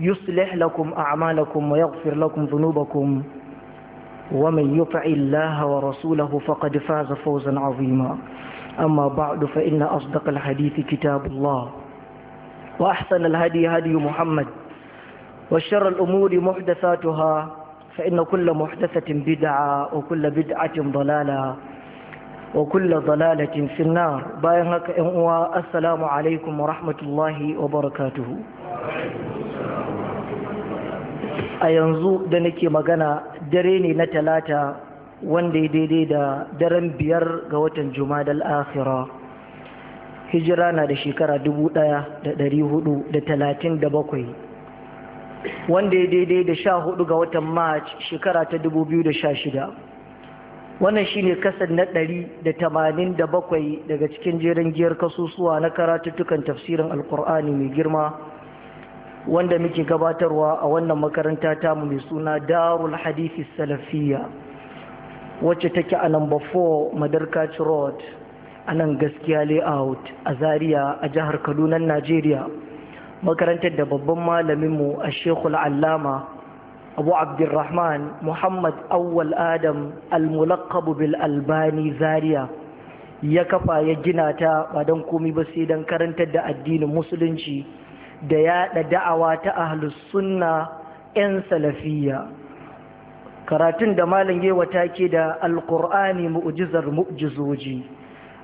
يصلح لكم أعمالكم ويغفر لكم ذنوبكم ومن يطع الله ورسوله فقد فاز فوزا عظيما أما بعد فإن أصدق الحديث كتاب الله وأحسن الهدي هدي محمد وشر الأمور محدثاتها فإن كل محدثة بدعة وكل بدعة ضلالة وكل ضلالة في النار بايهك السلام عليكم ورحمة الله وبركاته a yanzu da nake magana dare ne na talata wanda ya daidai da daren biyar ga watan jumadal akhira hijira na da shekara bakwai, wanda ya daidai da sha hudu ga watan march shekara ta shida, wannan shine kasar na da bakwai daga cikin jerin giyar kasusuwa na karatuttukan tafsirin alkur'ani mai girma wanda muke gabatarwa a wannan makaranta ta mu mai suna darul hadisi salafiya wacce take a number 4 madarkaci road a nan gaskiya layout a zaria a jihar kaduna najeriya makarantar da babban malaminmu a shekul allama abu abdulrahman muhammad awwal adam almulakabu bil albani zaria ya kafa ya gina ta ba don komi ba sai don karantar da addinin musulunci da yaɗa da'awa ta ahlus sunna 'yan salafiyya karatun da malam wata ke da alkur'ani mu'jizar mu'jizoji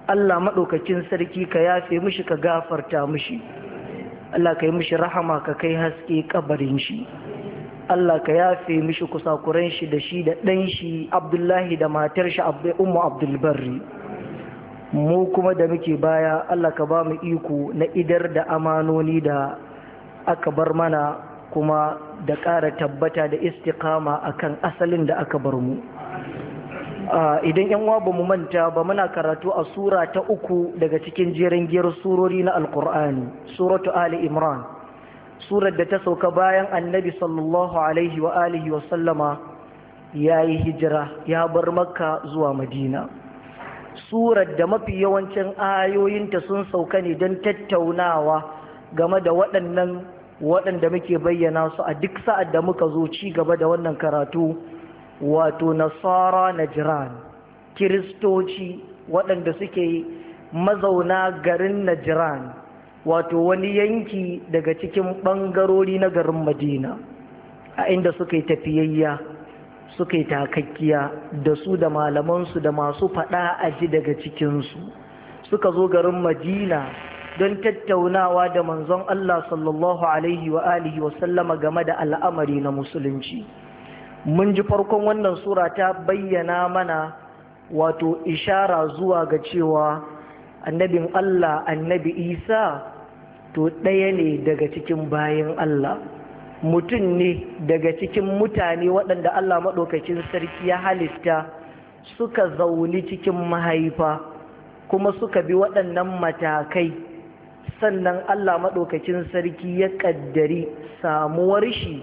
Allah maɗaukakin sarki ka yafe mushi ka gafarta mushi Allah ka yi mushi rahama ka kai haske kabarin shi Allah ka yafe mishi kusakuran shi da shi da ɗan shi Abdullahi da matar shi Ummu Abdulbarri mu kuma da muke baya Allah ka ba mu iko na idar da amanoni da aka bar mana kuma da ƙara tabbata da a kan asalin da aka bar mu idan yan uwa bamu manta ba muna karatu a sura ta uku daga cikin jerin giyar surori na alkur'ani suratu ali imran surar da ta sauka bayan annabi sallallahu alaihi wa alihi wa sallama ya yi hijira ya bar makka zuwa madina surar da mafi yawancin ayoyinta sun sauka ne don tattaunawa game da waɗannan waɗanda muke bayyana su a duk sa'ad da muka zo ci gaba da wannan karatu wato nasara na jiran, kiristoci waɗanda suke mazauna garin na jiran, wato wani yanki daga cikin ɓangarori na garin madina a inda suka yi tafiyayya suka yi takakkiya da su da malamansu da masu faɗa a daga cikinsu suka zo garin madina don tattaunawa da manzon Allah sallallahu alaihi wa alihi wa sallama game da al'amari na musulunci mun ji farkon wannan sura ta bayyana mana wato ishara zuwa ga cewa annabin Allah annabi Isa to ɗaya ne daga cikin bayan Allah mutum ne daga cikin mutane waɗanda Allah maɗaukacin sarki ya halitta suka zaune cikin mahaifa kuma suka bi waɗannan matakai sannan Allah maɗaukacin sarki ya ƙaddari samuwar shi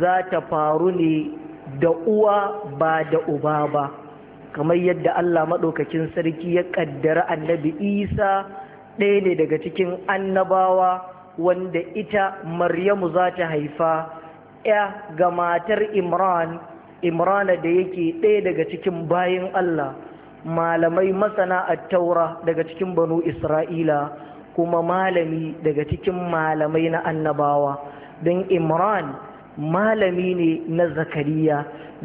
za ta faru ne da uwa ba da uba ba kamar yadda Allah Maɗokakin sarki ya ƙaddara annabi isa ɗaya ne daga cikin annabawa wanda ita maryamu za ta haifa ya ga matar imran imrana da yake ɗaya daga cikin bayan Allah malamai masana a taura daga cikin banu isra'ila kuma malami daga cikin malamai na annabawa don imran malami ne na zakariya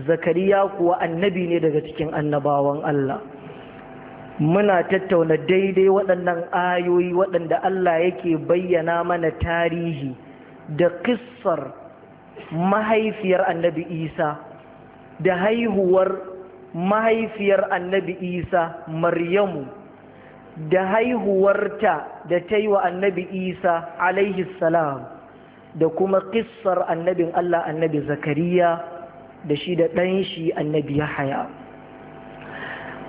zakariya kuwa annabi ne daga cikin annabawan Allah muna tattauna daidai waɗannan ayoyi waɗanda Allah yake bayyana mana tarihi da kissar mahaifiyar annabi isa da haihuwar mahaifiyar annabi isa maryamu da haihuwarta da ta yi wa annabi isa alaihi salam da kuma kissar annabin allah annabi zakariya da shi da ɗan shi annabi ya haya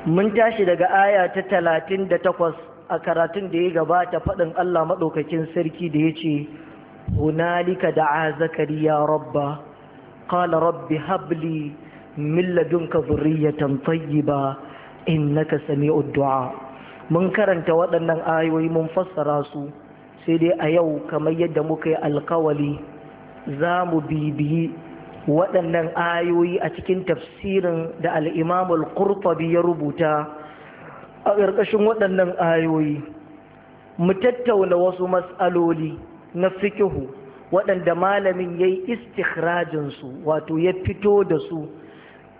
mun tashi daga aya ta talatin da takwas a karatun da ya gabata faɗin allah maɗaukakin sarki da ya ce hunalika a zakariya rabba kala rabbi habli min ladunka zurriyatan tayyiba innaka sami'ud du'a mun karanta waɗannan ayoyi mun fassara su sai dai a yau kamar yadda muka yi alkawali za mu bibiyi waɗannan ayoyi a cikin tafsirin da al'imamul kurfabi ya rubuta a ƙarƙashin waɗannan ayoyi mu tattauna wasu matsaloli na fikihu waɗanda malamin ya yi su wato ya fito da su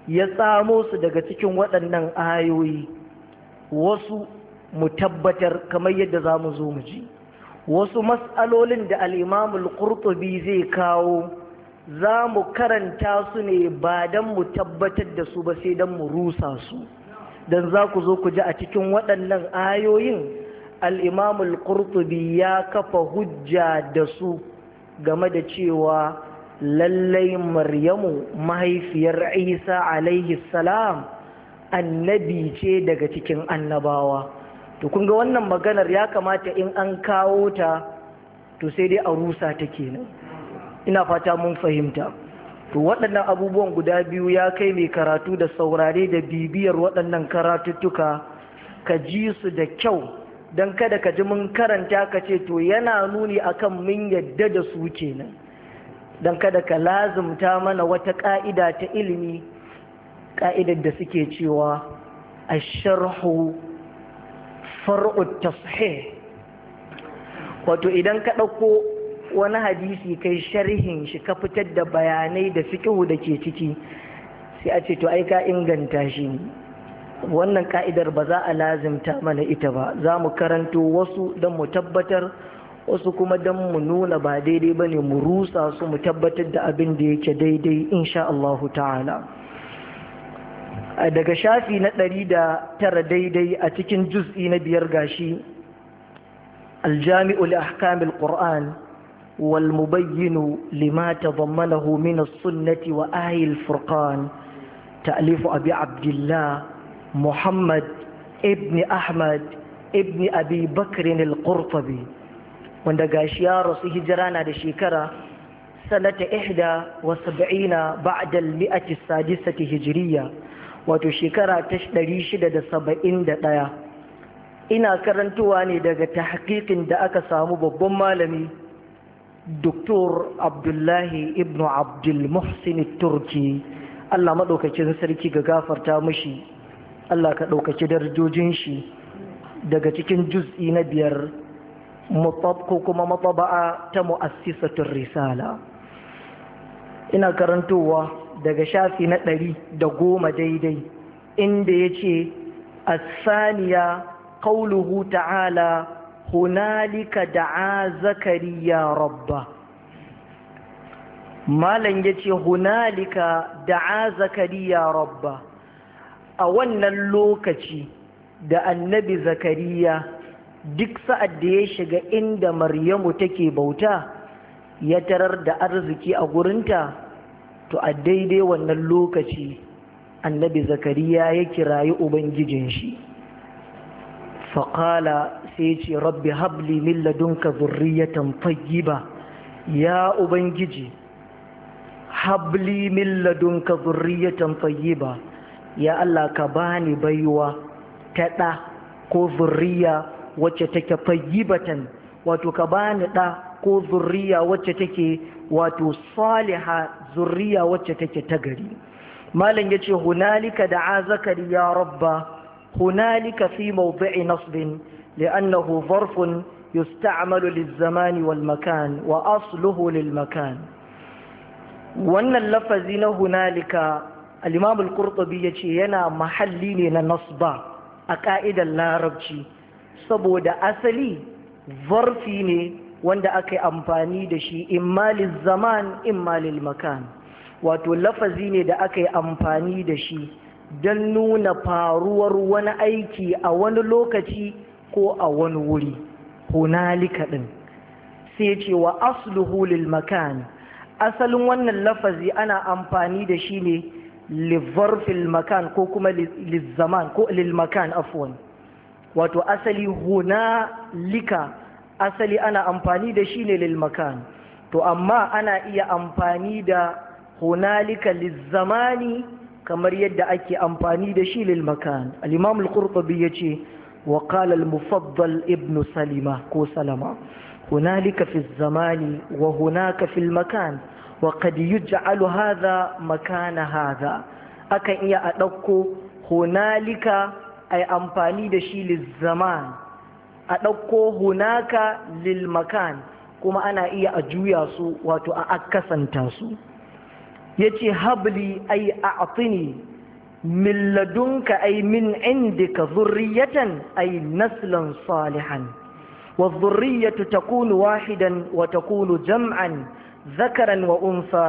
ya tsamo su daga cikin waɗannan ayoyi wasu mu tabbatar kamar yadda za mu zo mu ji wasu matsalolin da al'imamul ƙurtubi zai kawo za mu karanta su ne ba don mu tabbatar da su ba sai don mu rusa su don za ku zo ku ji a cikin waɗannan ayoyin al'imamul ƙurtubi ya kafa hujja da su game da cewa lallai maryamu mahaifiyar isa alaihi salam annabi ce daga cikin annabawa to kun ga wannan maganar ya kamata in an kawo ta to sai dai a rusa ta kenan ina fata mun fahimta to waɗannan abubuwan guda biyu ya kai mai karatu da saurare da bibiyar waɗannan karatuttuka ka ji su da kyau don kada ka ji mun karanta ka ce to yana nuni akan mun yadda da su kenan don kada ka lazumta mana wata ƙa'ida ta ilimi ƙa'idar da suke cewa a sharhu far'ut tashih wato idan ka ɗauko wani hadisi kai sharhin shi ka fitar da bayanai da fiƙihu da ke ciki sai a ce to ai ka inganta shi wannan ka'idar ba za a lazimta mana ita ba za mu karanto wasu don mu tabbatar wasu kuma don mu nuna ba daidai ba ne mu rusa su mu tabbatar da abin da yake daidai insha Allahu ta'ala daga shafi na ɗari da tara daidai a cikin juz'i na biyar gashi aljami'ul ahkamil qur'an wal mubayyinu lima tadammanahu min as-sunnati wa ahli al-furqan ta'lif abi abdillah muhammad ibn ahmad ibn abi bakr al-qurtubi wanda gashi ya rasu hijira na da shekara sanata ihda wa sab'ina ba'da al-mi'ati as-sadisati hijriyya wato shekara ta 671 ina karantuwa ne daga tahqiqin da aka samu babban malami Dr. Abdullahi ibn Abdul Muhsin Turki Allah maɗaukacin sarki ga gafarta mashi Allah ka ɗaukaci darajojin shi daga cikin juz'i na biyar ko kuma mataba'a ta mu'assisatul risala ina karantowa daga shafi na ɗari da goma daidai inda ya ce asaniya ƙauluhu ta'ala hunalika da'a zakariya rabba malam ya ce hunalika da'a zakariya rabba a wannan lokaci da annabi zakariya duk sa'ad da ya shiga inda maryamu take bauta ya tarar da arziki a gurinta to a daidai wannan lokaci annabi zakariya ya kirayi ubangijin shi faƙala sai ce rabbi habli min ladunka zurriyatan tayyiba ya ubangiji habli min ladunka zurriyatan tayyiba ya Allah ka bani baiwa ta ɗa ko zurriya wacce take tayyibatan wato ka bani ɗa ko zurriya wacce take wato saliha zurriya wacce take ta gari malam yace hunalika da'a ya rabba hunalika fi mawdi'i nasbin li'annahu zarfun yusta'malu liz-zamani wal-makan wa asluhu lil-makan wannan lafazi na hunalika al-imam al-qurtubi yace yana mahalli ne na nasba a ka'idar larabci saboda asali zarfi ne wanda aka yi amfani da shi in malil zaman in malil makan wato lafazi ne da aka yi amfani da shi don nuna faruwar wani aiki a wani lokaci ko a wani wuri hunalika ɗin sai ce wa asluhu makan asalin wannan lafazi ana amfani da shi ne livarfil makan ko kuma lil ko lil makan wato asali hunalika asali ana amfani da shi ne lilmakan to amma ana iya amfani da hunalika lizzamani kamar yadda ake amfani da shi lilmakan al-imam al-qurtubi yace wa qala al-mufaddal ibn salima ko salama hunalika fi zamani wa hunaka fi al-makan wa qad yuj'alu hadha makana hadha akan iya a dauko hunalika ai amfani da shi lizzaman a ɗauko hunaka lilmakan kuma ana iya a juya su wato a akasanta su ya ce habli ai a atini min ladunka ai min indika zurriyatan ai naslan salihan wa zurriyatu takunu wahidan wa takunu jam'an zakaran wa unsa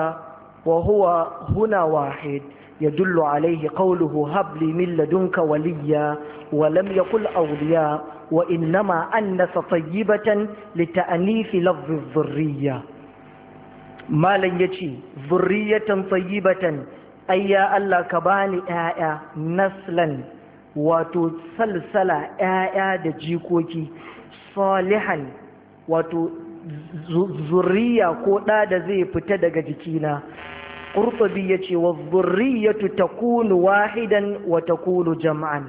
wa huwa huna wahid يدل عليه قوله هب لي من لدنك وليا ولم يقل أولياء wa innama annasa tayyibatan li ta'nifi lafzi dhurriyya malan yace zurriyatan tayyibatan ayya Allah ka bani yaya naslan wato salsala yaya da jikoki salihan wato zurriya ko ɗa da zai fita daga jikina ƙurtubi ya ce wa zurriyatu kunu wahidan wa kunu jama'an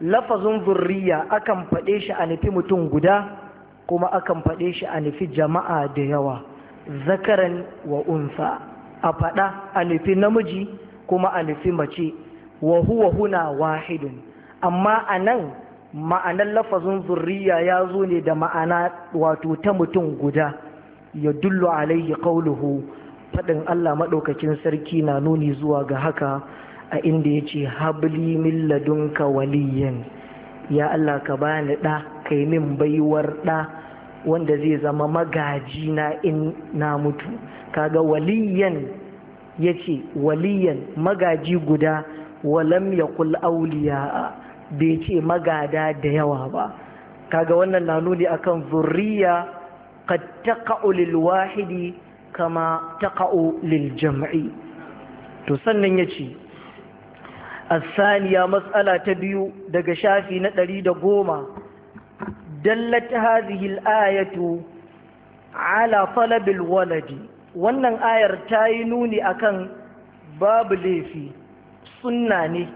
lafazin zurriya akan faɗe shi a nufi mutum guda kuma akan faɗe shi a nufi jama'a da yawa zakaran wa unsa a faɗa a nufi namiji kuma a nufi mace wa huwa huna wahidun amma a nan ma'anar lafazin zurriya ya zo ne da ma'ana wato ta mutum guda ya dullu alaihi qauluhu faɗin Allah maɗaukacin sarki na nuni zuwa ga haka a inda ya ce habli min ladunka waliyan ya Allah ka bani ɗa kai min baiwar ɗa wanda zai zama magaji na in na mutu kaga waliyan ya ce waliyan magaji guda walam ya kul auliya bai ce magada da yawa ba kaga wannan na nuni akan zurriya ka taqa'u lil wahidi kama taqa'u lil jam'i to sannan ya ce. الثانية مسألة تبيو دقشافي نتري دقوما دلت هذه الآية على طلب الولد wannan ayar ta yi nuni akan babu laifi sunna ne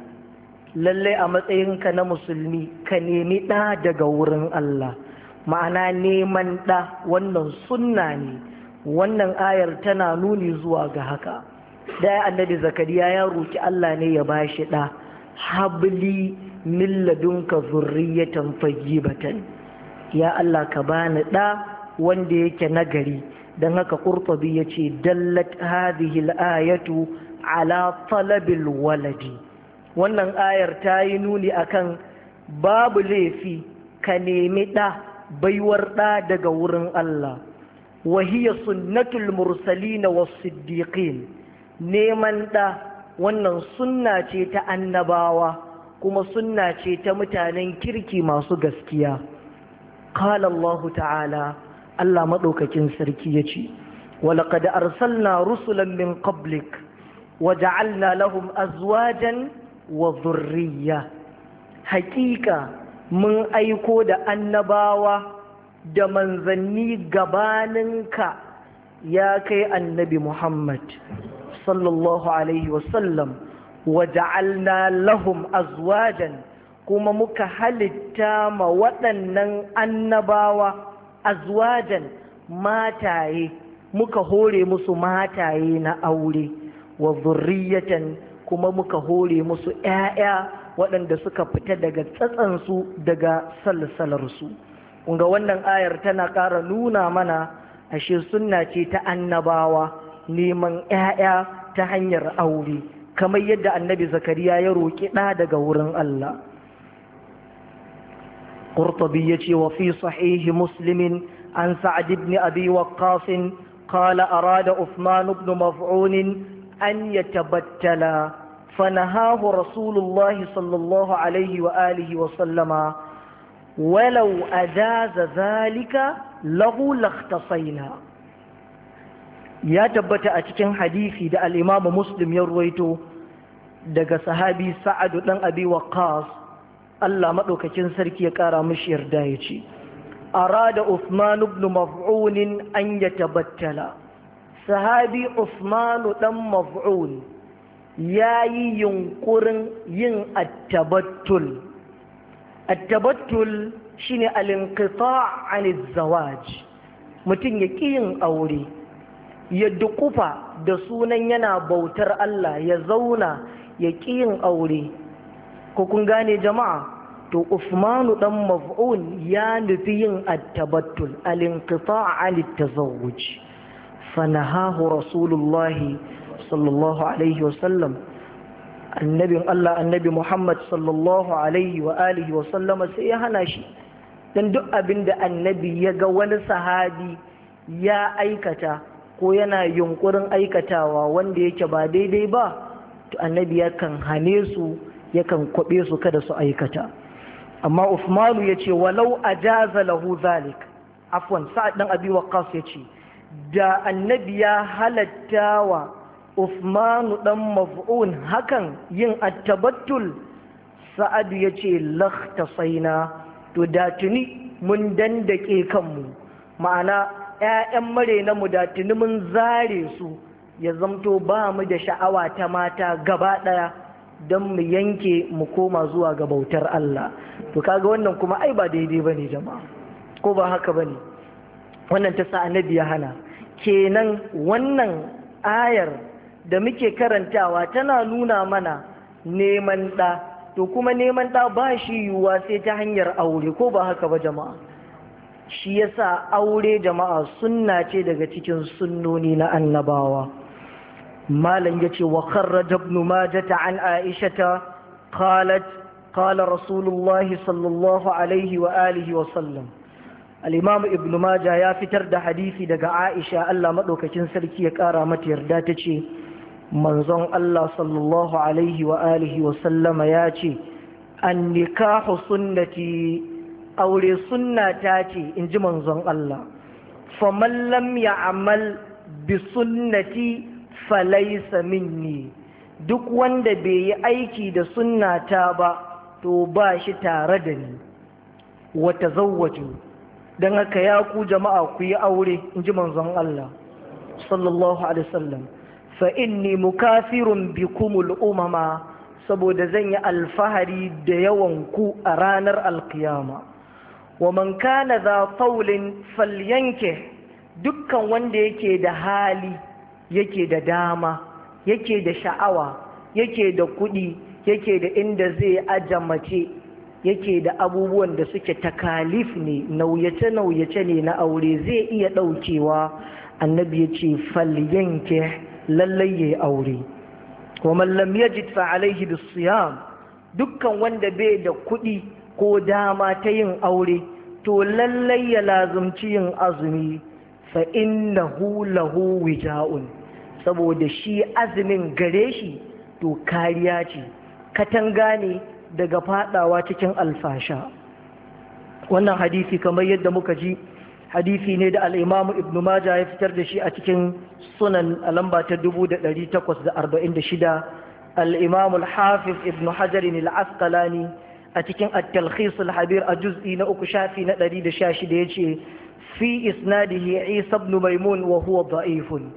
lallai a matsayin ka na musulmi ka nemi ɗa daga wurin Allah ma'ana neman ɗa wannan sunna ne wannan ayar tana nuni zuwa ga haka da annabi zakariya ya roki Allah ne ya bashi da habli min ladunka zurriyatan tayyibatan ya Allah ka bani ɗa wanda yake nagari dan haka qurtubi yace dallat hadhihi al ala talabil waladi wannan ayar ta yi nuni akan babu laifi ka nemi ɗa baiwar ɗa daga wurin Allah hiya sunnatul mursalina was siddiqin neman ɗa wannan sunna ce ta annabawa kuma sunna ce ta mutanen kirki masu gaskiya qala Allah ta'ala Allah maɗaukakin sarki yace ولقد أرسلنا رسلا من قبلك وجعلنا لهم أزواجا وذرية حقيقة من أيكو دا النباوة دا منزني قبالنك يا كي النبي محمد sallallahu alaihi wasallam waja'alna lahum azwajan kuma muka halitta ma waɗannan annabawa azwajan mataye muka hore musu mataye na aure wa zurriyatan kuma muka hore musu ‘ya'ya waɗanda suka fita daga tsatsansu daga salsalarsu. Kunga wannan ayar tana ƙara nuna mana ashe sunna ce ta annabawa neman ‘ya'ya ta hanyar aure kamar yadda annabi zakariya ya roƙi ɗa daga wurin Allah qurtubi yace wa fi sahihi muslimin an sa'ad ibn abi waqqas qala arada uthman ibn maf'un an yatabattala fanahahu rasulullahi sallallahu alaihi wa alihi wa sallama walau ajaza zalika lahu lakhtasayna ya tabbata a cikin hadisi da al'imamu muslim ya ruwaito daga sahabi sa'adu ɗan abi ƙas Allah maɗaukakin sarki ya ƙara mashi yarda ya ce arada Usmanu ibn maf'unin an ya tabbatala. sahabi usmanu ɗan maf'un yi yunkurin yin attabattul attabattul shine al-inqita' 'an zawaj mutum ya ƙi yin aure ya dukufa da sunan yana bautar Allah ya zauna ya yin aure ko kun gane jama'a to Usmanu ɗan maf'un ya nufi yin attabattul al-inqita' an at-tazawwuj fanahahu rasulullahi sallallahu alaihi wa sallam, annabi Allah annabi Muhammad sallallahu alaihi wa alihi wa sallama sai ya hana shi dan duk abinda annabi ya ga wani sahabi ya aikata ko yana yunkurin aikatawa wanda yake ba daidai ba to annabi yakan hane su yakan kwabe su kada su aikata amma Usmanu ya ce walau ajaza lahu zalik afwan sa'ad dan abi waqqas ya ce da annabi ya halattawa Usmanu ɗan maf'un hakan yin attabattul sa'ad ya ce lakhtasaina to da tuni mun dandake kanmu ma'ana 'ya'yan marena mu da tuni mun zare su ya zamto ba mu da sha'awa ta mata gaba ɗaya don mu yanke mu koma zuwa ga bautar Allah to kaga wannan kuma ai ba daidai ba ne jama'a ko ba haka bane wannan ta sa annabi ya hana kenan wannan ayar da muke karantawa tana nuna mana neman ɗa to kuma neman ɗa ba shi yiwuwa sai ta hanyar aure ko ba haka ba jama'a shi yasa aure jama'a sunna ce daga cikin sunnoni na annabawa malam yace wa kharraja ibn majah an aisha qalat qala rasulullahi sallallahu alaihi wa alihi wa sallam al-imam ibn majah ya fitar da hadisi daga aisha Allah madaukakin sarki ya kara mata yarda tace manzon Allah sallallahu alaihi wa alihi wa sallama ce, an nikahu sunnati aure sunna ta ce in ji manzon Allah faman lam amal bi sunnati falaysa minni duk wanda bai yi aiki da sunna ba to ba shi tare da ni wa tazawwaju dan haka ya ku jama'a ku yi aure in ji manzon Allah sallallahu alaihi wasallam fa inni mukafirun bikumul umama saboda zan yi alfahari da yawan ku a ranar alkiyama wa man kana za faulin falyanke dukkan wanda yake da hali yake da dama yake da sha'awa yake da kuɗi yake da inda zai ajamace yake da abubuwan da suke takalif ne nauyace-nauyace ne na aure zai iya ɗaukewa annabi ya ce falyanke lallai ya aure wa mallam yajid fa alaihi bisiyam dukkan wanda bai da kuɗi ko dama ta yin aure to lallai ya lazumci yin azumi fa innahu lahu wija'un saboda shi azumin gare shi to kariya ce katanga ne daga fadawa cikin alfasha wannan hadisi kamar yadda muka ji hadisi ne da al'imamu ibn Majah ya fitar da shi a cikin sunan a lamba ta 1846 al'imamu al-hafiz ibn hajarin al-asqalani a cikin at-talkhis al-habir a juz'i na uku shafi na 116 yace fi isnadihi Isa ibn Maimun wa huwa da'ifun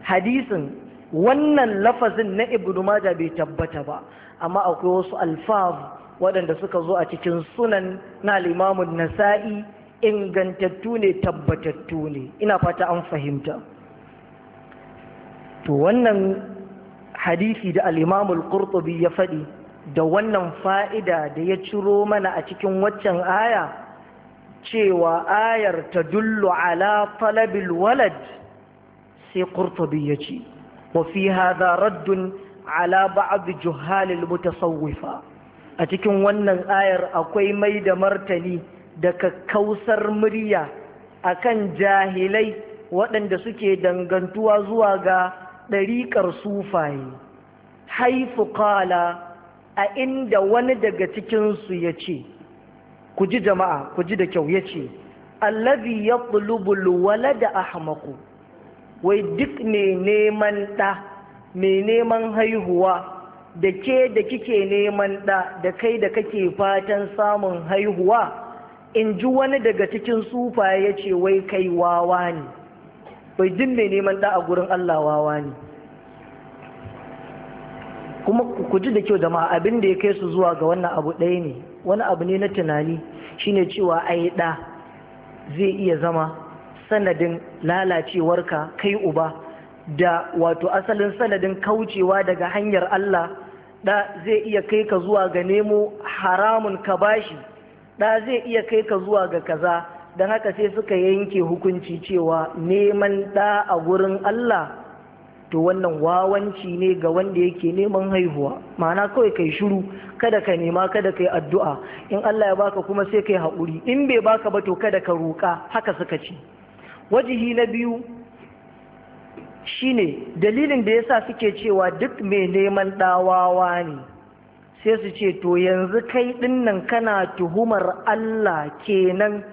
hadisin wannan lafazin na Ibn Majah bai tabbata ba amma akwai wasu alfaz waɗanda suka zo a cikin sunan na al-Imam nasai ingantattu ne tabbatattu ne ina fata an fahimta to wannan hadisi da al-Imam al-Qurtubi ya faɗi da wannan fa'ida da ya ciro mana a cikin waccan aya cewa ayar ta dullu ala talabil walad sai ƙurtubi ya ce wafi haza raddun ala ba'ad juhalil mutasawwifa a cikin wannan ayar akwai mai da martani da kakkausar murya a kan jahilai waɗanda suke dangantuwa zuwa ga ɗariƙar sufaye haifu ƙala a inda wani daga cikinsu ya ce ku ji jama'a ku ji da kyau ya ce allazi ya wala da ahmaku wai duk ne neman ɗa mai neman haihuwa da ke da kike neman ɗa da kai da kake fatan samun haihuwa in ji wani daga cikin sufa ya ce wai kai wawa ne wai duk mai neman ɗa a gurin Allah wawa ne kuma ku ji da kyau da ma abin da ya kai su zuwa ga wannan abu ɗaya ne wani abu ne na tunani shine cewa ai ɗa zai iya zama sanadin lalacewarka kai uba da wato asalin sanadin kaucewa daga hanyar Allah ɗa zai iya kai ka zuwa ga nemo haramun ka bashi ɗa zai iya kai ka zuwa ga kaza don haka sai suka yanke hukunci cewa neman ɗa a gurin Allah to wannan wawanci ne ga wanda yake neman haihuwa ma'ana kawai kai shiru kada ka nema kada kai addu'a in Allah ya baka kuma sai kai haƙuri in bai baka ba to kada ka roƙa haka suka ce wajihi na biyu shine dalilin da yasa suke cewa duk mai neman ɗawawa ne sai su ce to yanzu kai dinnan kana tuhumar Allah kenan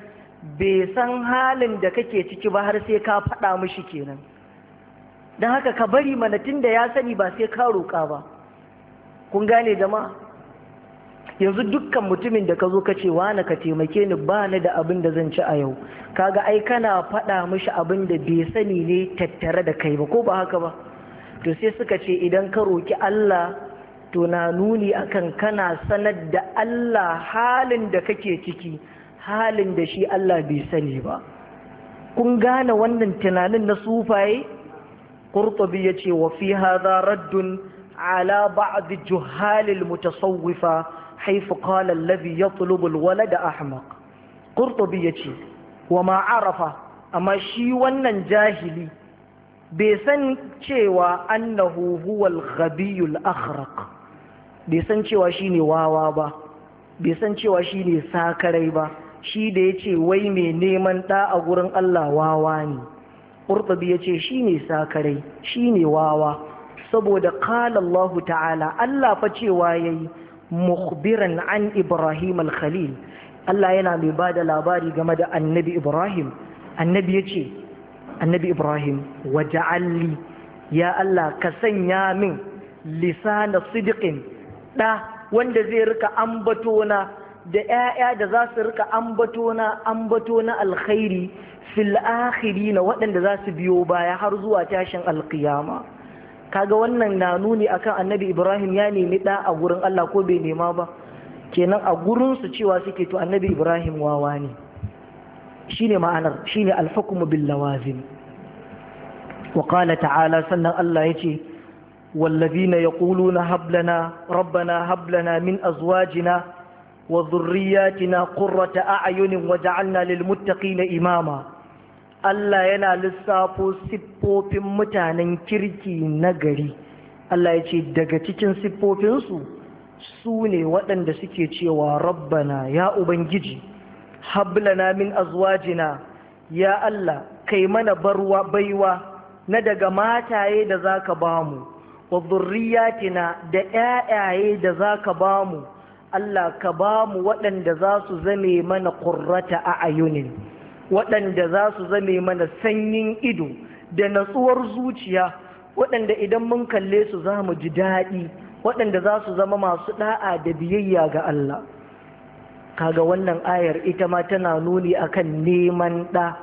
bai san halin da kake ciki ba har sai ka faɗa mishi kenan don haka ka bari mana tunda ya sani ba sai ka roƙa ba kun gane jama'a yanzu dukkan mutumin da ka zo ka ce wani ka taimake ni ba ni da abin da zan ci a yau Ka ga ai kana faɗa mishi abin da bai sani ne tattare da kai ba ko ba haka ba to sai suka ce idan ka roki Allah to na nuni akan kana sanar da Allah halin da kake ciki halin da shi Allah bai sani ba kun gane wannan tunanin na sufaye qurtubi yace wa fi hadha raddun ala ba'd juhal al mutasawwifa حيث قال الذي يطلب الولد أحمق قرطبي wa وما عرف أما شي wannan jahili bai san cewa annahu huwa al al-akhraq bai san cewa shine wawa ba bai san cewa shine sakarai ba shi da yace wai mai neman da a gurin Allah wawa ne ƙurɓabi ya ce shi ne sakarai shi ne wawa saboda ƙala ta'ala Allah fa cewa ya yi mukhbiran an Ibrahim al-Khalil Allah yana mai ba da labari game da annabi Ibrahim annabi ya ce annabi Ibrahim alli. ya Allah ka sanya min lisana sidiƙin ɗa wanda zai rika ambatona da ‘ya'ya da za su rika ambatona na alkhairi fil na waɗanda za su biyo baya har zuwa tashin alkiyama kaga wannan na nuni akan annabi ibrahim ya nemi ɗa a gurin allah ko bai nema ba kenan a gurin su cewa suke to annabi ibrahim wawa ne shine ma'anar shine alfakum bil lawazim wa qala ta'ala sannan allah yace والذين يقولون هب لنا ربنا هب لنا من أزواجنا وذرياتنا قرة أعين وجعلنا للمتقين إماما Allah yana lissafo siffofin mutanen kirki na gari Allah ya ce daga cikin siffofinsu su ne waɗanda suke cewa rabbana ya ubangiji hablana min azwajina ya Allah kai mana barwa baiwa na daga mataye da zaka bamu wa zurriyatina da 'ya'yaye da zaka bamu Allah ka ba mu waɗanda za su zame mana ƙurrata a ayunin waɗanda za su zame mana sanyin ido da natsuwar zuciya waɗanda idan mun kalle su za mu ji daɗi waɗanda za su zama masu ɗa'a da biyayya ga Allah kaga wannan ayar ita ma tana nuni akan neman ɗa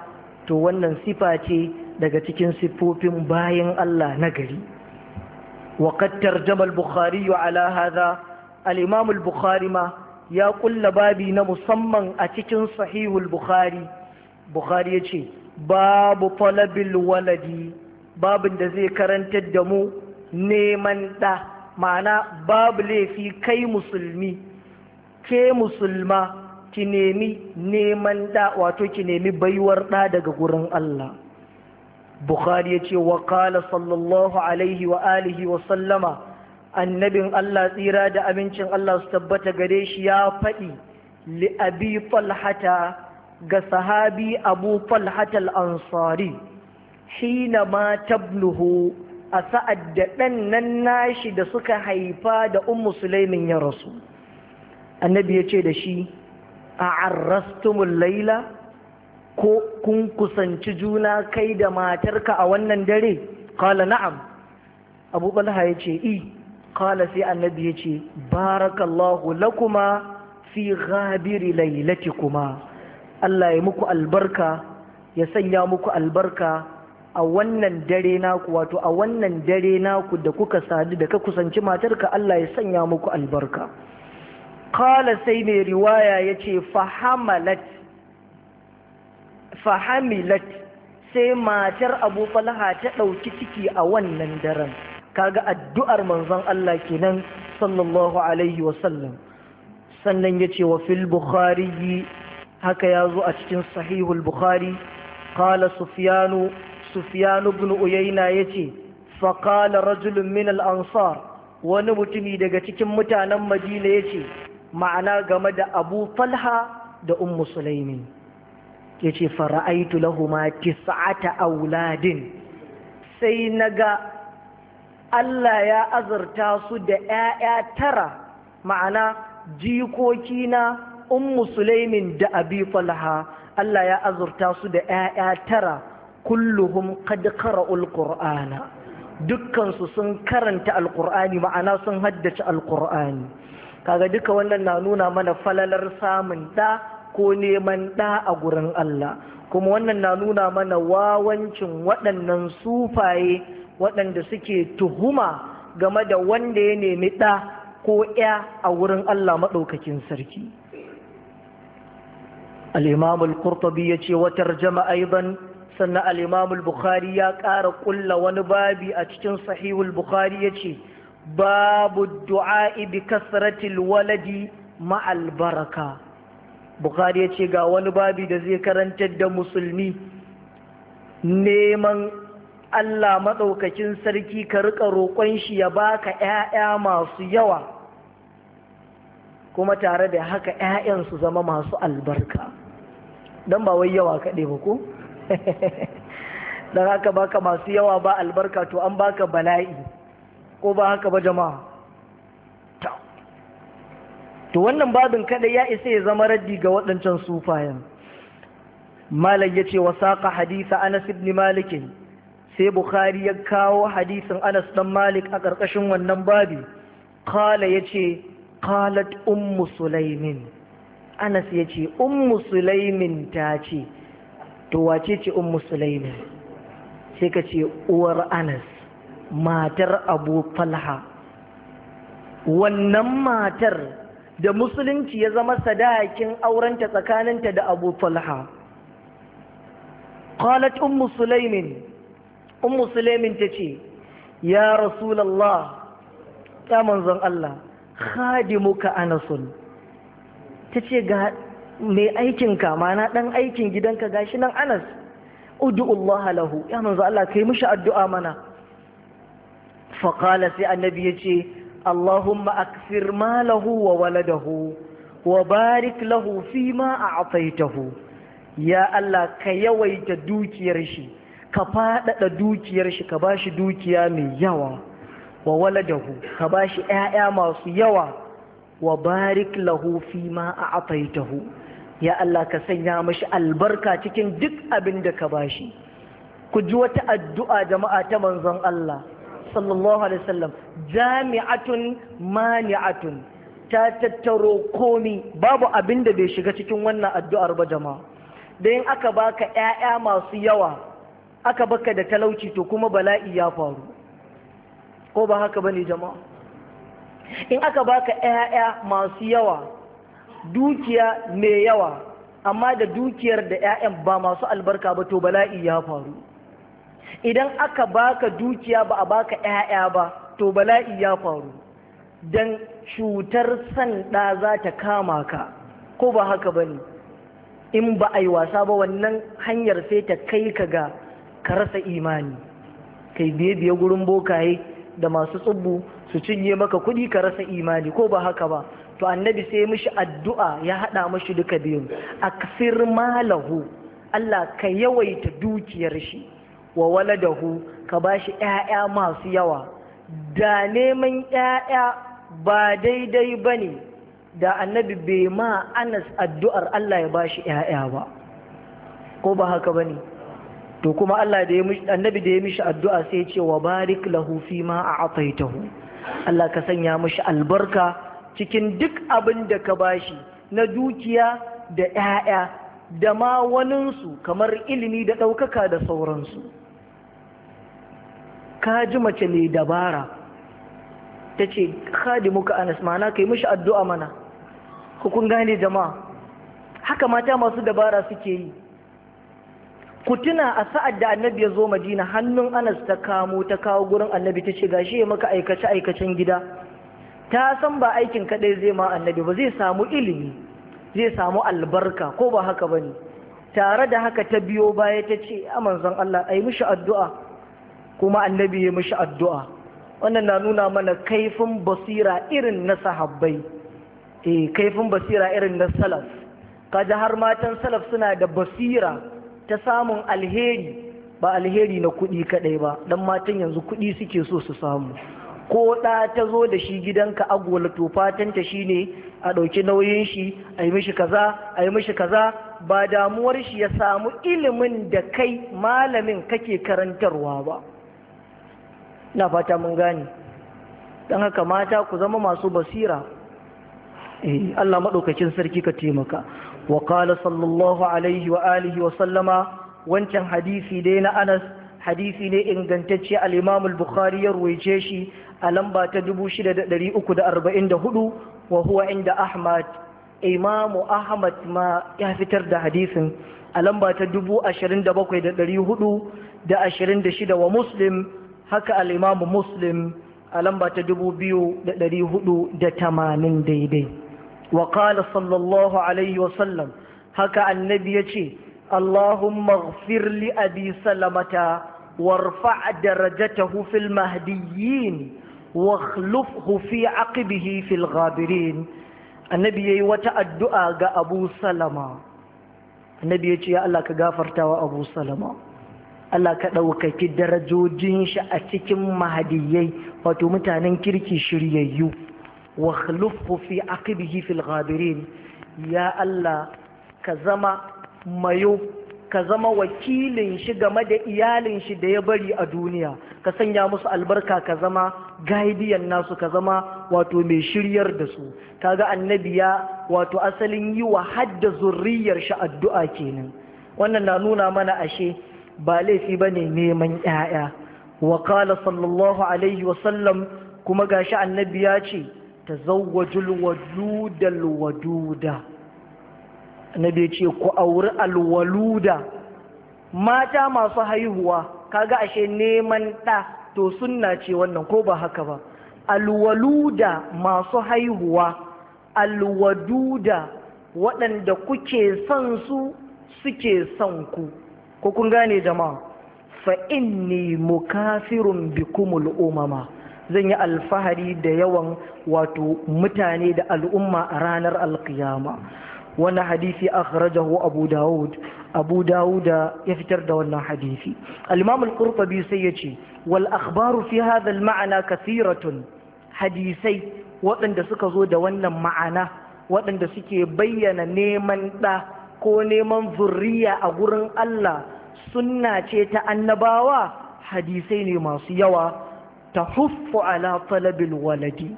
to wannan sifa ce daga cikin siffofin bayan Allah na gari Waƙattar Jamal Bukhari على هذا Alimamul bukhari ma ya ƙulla babi na musamman a cikin sahihul bukhari bukhari ya ce babu falabil waladi babin da zai karantar da mu neman ɗa ma'ana babu laifi kai musulmi ke musulma ki nemi neman ɗa wato ki nemi baiwar ɗa daga gurin Allah bukhari ya ce wa kala sallallahu alaihi wa alihi wa sallama annabin Allah tsira da amincin Allah su tabbata gare shi ya faɗi li abi falhata ga sahabi abu falhatal ansari hina ma tabluhu a sa'ad da ɗan nan nashi da suka haifa da ummu sulaimin ya rasu annabi ya ce da shi a arrastumul laila ko kun kusanci juna kai da matarka a wannan dare kala na'am abu ya ce i kala sai annabi ya ce barakallahu lakuma fi ghabiri lailati kuma Allah ya muku albarka ya sanya muku albarka a wannan dare naku wato a wannan dare naku da kuka sadu da ka kusanci matarka Allah ya sanya muku albarka qala sai mai riwaya yace fahamalat fahamilat sai matar Abu ta ɗauki ciki a wannan daren kaga addu'ar manzon Allah kenan sallallahu alaihi wasallam sannan yace wa fil bukhari haka ya zo a cikin sahihul bukhari qala sufyanu sufyanu ibn uyayna yace fa qala rajulun min al ansar wani mutumi daga cikin mutanen madina yace ma'ana game da abu falha da ummu sulaimi yace ra'aytu lahumu tis'ata auladin sai naga Allah ya azurta su da ‘ya'ya tara ma'ana jikokina Un sulaimin da abi Allah ya azurta su da 'ya'ya tara kulluhum qad qara'ul qur'ana dukkansu sun karanta alqur'ani ma'ana sun haddace alqur'ani kaga duka wannan na nuna mana falalar samun da ko neman da a gurin Allah kuma wannan na nuna mana wawancin waɗannan sufaye waɗanda suke tuhuma game da wanda ya nemi ɗa ko ya a wurin Allah maɗaukakin sarki الإمام القرطبي وترجم أيضا سنة الإمام البخاري قال قل ونبابي أتشن صحيح البخاري باب الدعاء بكثرة الولد مع البركة بخاري قال ونبابي ذكر أن تد مسلمي نيما Allah maɗaukakin sarki ka riƙa roƙon shi ya baka ‘ya'ya masu yawa kuma tare da haka ‘ya'yan su zama masu albarka. don ba wai yawa kaɗai ba ko don haka baka masu yawa ba albarka to an baka bala'i ko ba haka ba jama'a to wannan babin kaɗai ya isa ya zama raddi ga waɗancan sufayen malam ya ce wa saƙa hadisa anas ibn malikin sai bukhari ya kawo hadisin anas dan malik a ƙarƙashin wannan babi kala ya ce kalat ummu sulaimin anas ya ce "Un musulaimin ta ce to wace ce Un musulaimin sai ka ce uwar anas matar abu falha wannan matar da musulunci ya zama sadakin aurenta tsakaninta da abu falha qalat Un musulaimin Un musulaimin ta ce ya rasulallah ya manzon Allah khadimuka anasun ta ce ga mai aikin kama na ɗan aikin gidanka shi nan anas Allah lahu ya manzo Allah kai mishi addu'a mana faƙala sai annabi ya ce Allahumma akfir lahu wa waladahu wa barik lahu fi ma a hu, ya Allah ka yawaita dukiyar shi ka faɗaɗa dukiyar shi ka bashi dukiya mai yawa wa waladahu ka bashi 'ya'ya masu yawa wa barik lahu fi ma afaitahu ya Allah ka sanya mashi albarka cikin duk abin da ka bashi ku ji wata addu'a jama'a ta manzon Allah sallallahu alaihi wasallam jami'atun mani'atun ta tattaro komi babu abin da bai shiga cikin wannan addu'ar ba jama'a da in aka baka ‘ya'ya masu yawa aka baka da talauci to kuma bala'i ya faru ko ba haka ba jama'a in aka baka ƴaƴa masu yawa dukiya mai yawa amma da dukiyar da ƴaƴan ba masu albarka ba to bala'i ya faru idan aka baka dukiya ba a baka ƴaƴa ba to bala'i ya faru dan cutar san ɗa za ta kama ka ko ba haka ba ne? in ba a yi wasa ba wannan hanyar sai ta kai ka ga ka rasa imani kai biye biye gurin bokaye da masu tsubbu su cinye maka kuɗi ka rasa imani ko ba haka ba to annabi sai mishi addu'a ya haɗa mashi duka biyun aksir malahu Allah ka yawaita dukiyar shi wa waladahu ka bashi ƴaƴa masu yawa da neman ƴaƴa ba daidai bane da annabi bai ma Anas addu'ar Allah ya bashi ƴaƴa ba ko ba haka bane to kuma Allah da ya mishi annabi da ya mishi addu'a sai ya ce wa barik lahu fi ma a'taitahu Allah ka sanya mashi albarka cikin duk abin da ka bashi na dukiya da 'ya'ya da ma waninsu kamar ilimi da ɗaukaka da sauransu ka ji mace mai dabara ta ce muka anas mana kai mashi addu'a mana hukun gane jama'a haka mata masu dabara suke yi ku tuna a sa'ad da annabi ya zo madina hannun anas ta kamo ta kawo gurin annabi ta ce gashi ya maka aikace aikacen gida ta san ba aikin kaɗai zai ma annabi ba zai samu ilimi zai samu albarka ko ba haka ba ne tare da haka ta biyo baya ta ce a manzon Allah ai mishi addu'a kuma annabi ya mishi addu'a wannan na nuna mana kaifin basira irin na sahabbai eh kaifin basira irin na salaf kaji har matan salaf suna da basira ta samun alheri ba alheri na kuɗi kaɗai ba dan matan yanzu kuɗi suke so su samu ko ɗa ta zo da shi gidanka agola to fatanta ne a ɗauki nauyin shi a yi mishi kaza a yi mishi kaza ba damuwar shi ya samu ilimin da kai malamin kake karantarwa ba na fata mun gane don haka mata ku zama masu basira eh Allah maɗaukacin sarki ka taimaka wa qala sallallahu alaihi wa alihi wa sallama wancan hadisi dai na Anas hadisi ne ingantacce al-Imam al-Bukhari ya ruwaice shi a lamba ta 6344 wa huwa inda Ahmad Imam Ahmad ma ya fitar da hadisin a lamba ta 27426 wa Muslim haka al-Imam Muslim a lamba ta 2480 daidai wa qala sallallahu alaihi wa sallam haka annabi yace Allahumma ighfir li abi salamata warfa' darajatahu fil mahdiyyin wakhlufhu fi aqibihi fil ghabirin annabi yayi wata addu'a ga Abu Salama annabi yace ya Allah ka gafarta wa Abu Salama Allah ka ɗaukaki darajojin shi a cikin mahadiyai wato mutanen kirki shiryayyu wa fi aqibihi fil ghabirin ya Allah ka zama mayo ka zama wakilin shi game da iyalin shi da ya bari a duniya ka sanya musu albarka ka zama gaidiyan nasu ka zama wato mai shiryar da su kaga annabi ya wato asalin yi wa hadda zurriyar shi addu'a kenan wannan na nuna mana ashe ba laifi bane neman 'ya'ya. wa qala sallallahu alaihi wa sallam kuma gashi annabi ya ce tazawwajul waludal waduda annabi ce ku auri alwaluda mata masu haihuwa kaga ashe neman ɗa to sunna ce wannan ko ba haka ba alwaluda masu haihuwa alwaduda waɗanda kuke son su suke son ku ko kun gane jama'a fa inni mukafirun bikumul umama zan yi alfahari da yawan wato mutane da al'umma a ranar alkiyama wannan hadisi akhrajahu abu dawud abu dawud ya fitar da wannan hadisi al-imam al-qurtubi sai yace wal akhbaru fi hadha al-ma'na kathiratun hadisai waɗanda suka zo da wannan ma'ana waɗanda suke bayyana neman ɗa ko neman zurriya a gurin Allah sunna ce ta annabawa hadisai ne masu yawa tahuffu ala talabil waladi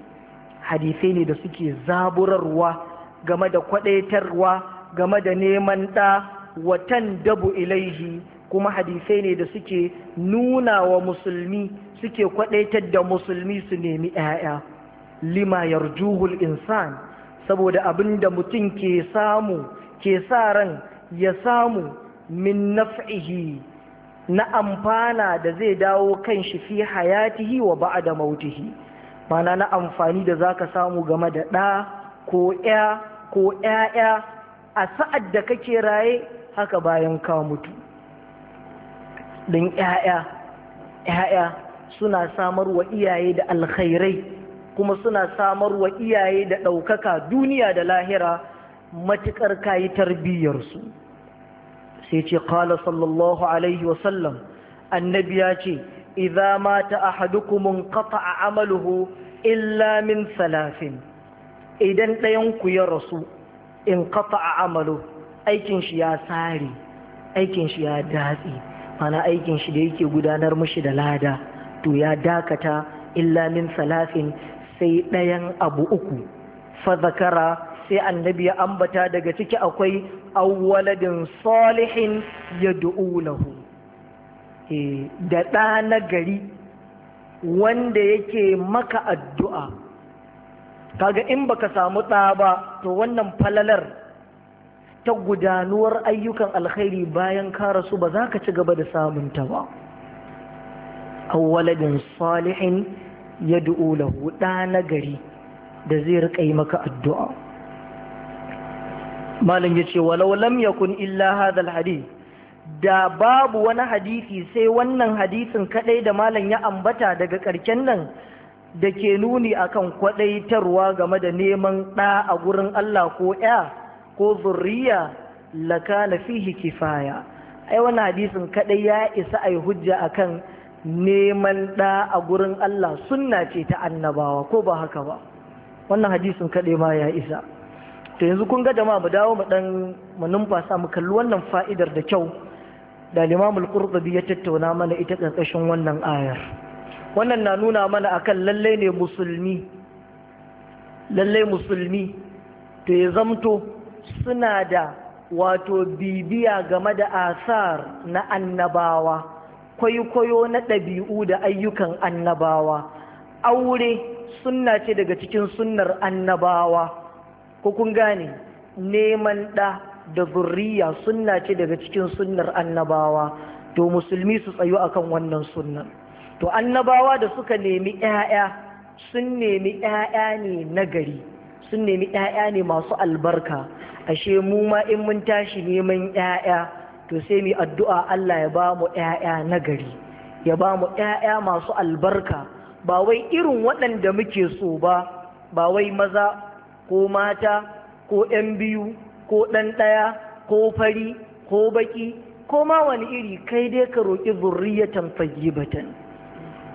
hadisai ne da suke zaburarwa game da kwadaitarwa game da neman ɗa watan dabu ilaihi kuma hadisai ne da suke nuna wa musulmi suke kwadaitar da musulmi su nemi 'ya'ya lima yarjuhul insan saboda abin da mutum ke samu ke sa ran ya samu min naf'ihi na amfana da zai dawo kan shi fi hayatihi wa da mautihi mana na amfani da za ka samu game da ɗa ko ƴa ko ƴaƴa a sa'ad da kake raye haka bayan ka mutu don ƴaƴa ƴaƴa suna samar wa iyaye da alkhairai kuma suna samar wa iyaye da ɗaukaka duniya da lahira matuƙar kayi tarbiyyarsu sai ce qala sallallahu alaihi wasallam annabi ya ce iza mata ahadukum qata'a amaluhu illa min salafin idan ɗayan ku ya rasu in a amalu aikin shi ya tsari aikin shi ya datse mana aikin shi da yake gudanar mushi da lada to ya dakata illa min sai ɗayan abu uku fa zakara sai annabi ya ambata daga ciki akwai awwaladin salihin ya lahu e, da ɗa na gari wanda yake maka addu'a kaga in baka samu ɗa ba to wannan falalar ta gudanuwar ayyukan alkhairi bayan ka rasu ba za ka ci gaba da samunta ba awwaladin salihin ya lahu ɗa na gari da zai rika yi maka addu'a malam yace walau lam yakun illa hadal hadith da babu wani hadisi sai wannan hadisin kadai da malam ya ambata daga karken nan da ke nuni akan kwadaitarwa game da neman ɗa a gurin Allah ko ya ko zurriya lakana fihi kifaya ai wannan hadisin kadai ya isa ai hujja akan neman ɗa a gurin Allah sunna ce ta annabawa ko ba haka ba wannan hadisin kadai ma ya isa to yanzu kun ga jama'a mu dawo mu dan mu numfasa mu kalli wannan fa'idar da kyau da Imam al ya tattauna mana ita karkashin wannan ayar wannan na nuna mana akan lalle ne musulmi lalle musulmi to ya zamto suna da wato bibiya game da asar na annabawa kwaikwayo na ɗabi'u da ayyukan annabawa aure sunna ce daga cikin sunnar annabawa ko kun gane neman ɗa da zurriya sunna ce daga cikin sunnar annabawa to musulmi su tsayu akan wannan sunnan to annabawa da suka nemi 'ya'ya sun nemi 'ya'ya ne nagari sun nemi 'ya'ya ne masu albarka ashe mu ma in mun tashi neman 'ya'ya to sai mu addu'a Allah ya ba mu 'ya'ya nagari ya ba mu 'ya'ya masu albarka ba wai irin waɗanda muke so ba ba wai maza ko mata ko ‘yan biyu ko ɗan ɗaya ko fari ko baƙi ko ma wani iri kai dai ka roƙi zurriyatan fayyibatan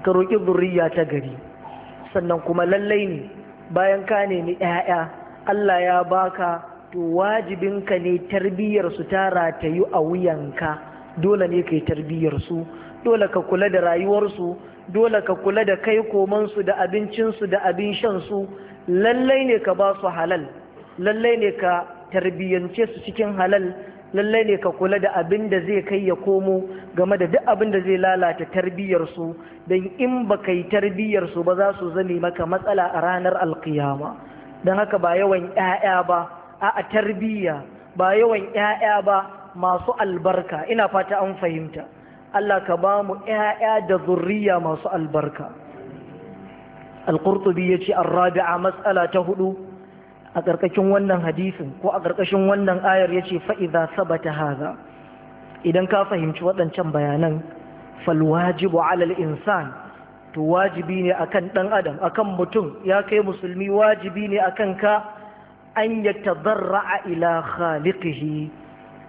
ka roƙi zurriya ta gari sannan kuma lallai ne bayan ka nemi ‘ya'ya Allah ya baka to ka ne tarbiyyar tarbiyyarsu ta ratayu a wuyanka dole ne ka yi tarbiyyarsu dole ka kula da rayuwarsu dole ka kula da kai komansu da abincinsu da abin shansu lallai ne ka ba su halal lallai ne ka tarbiyyance su cikin halal lallai ne ka kula da abin da zai kai ya komo game da duk abin da zai lalata tarbiyyarsu don in ba ka yi tarbiyyarsu ba za su zame maka matsala a ranar alkiyama don haka ba yawan 'ya'ya ba a tarbiyya ba yawan 'ya'ya ba masu albarka ina fata an fahimta Allah ka ba mu 'ya'ya da zurriya masu albarka al-qurtubi yace ar-rabi'a matsala ta hudu a ƙarƙashin wannan hadisin ko a ƙarƙashin wannan ayar yace fa idza sabata idan ka fahimci waɗancan bayanan fal wajibu 'ala insan to wajibi ne akan ɗan adam akan mutum ya kai musulmi wajibi ne akan ka an a ila khaliqihi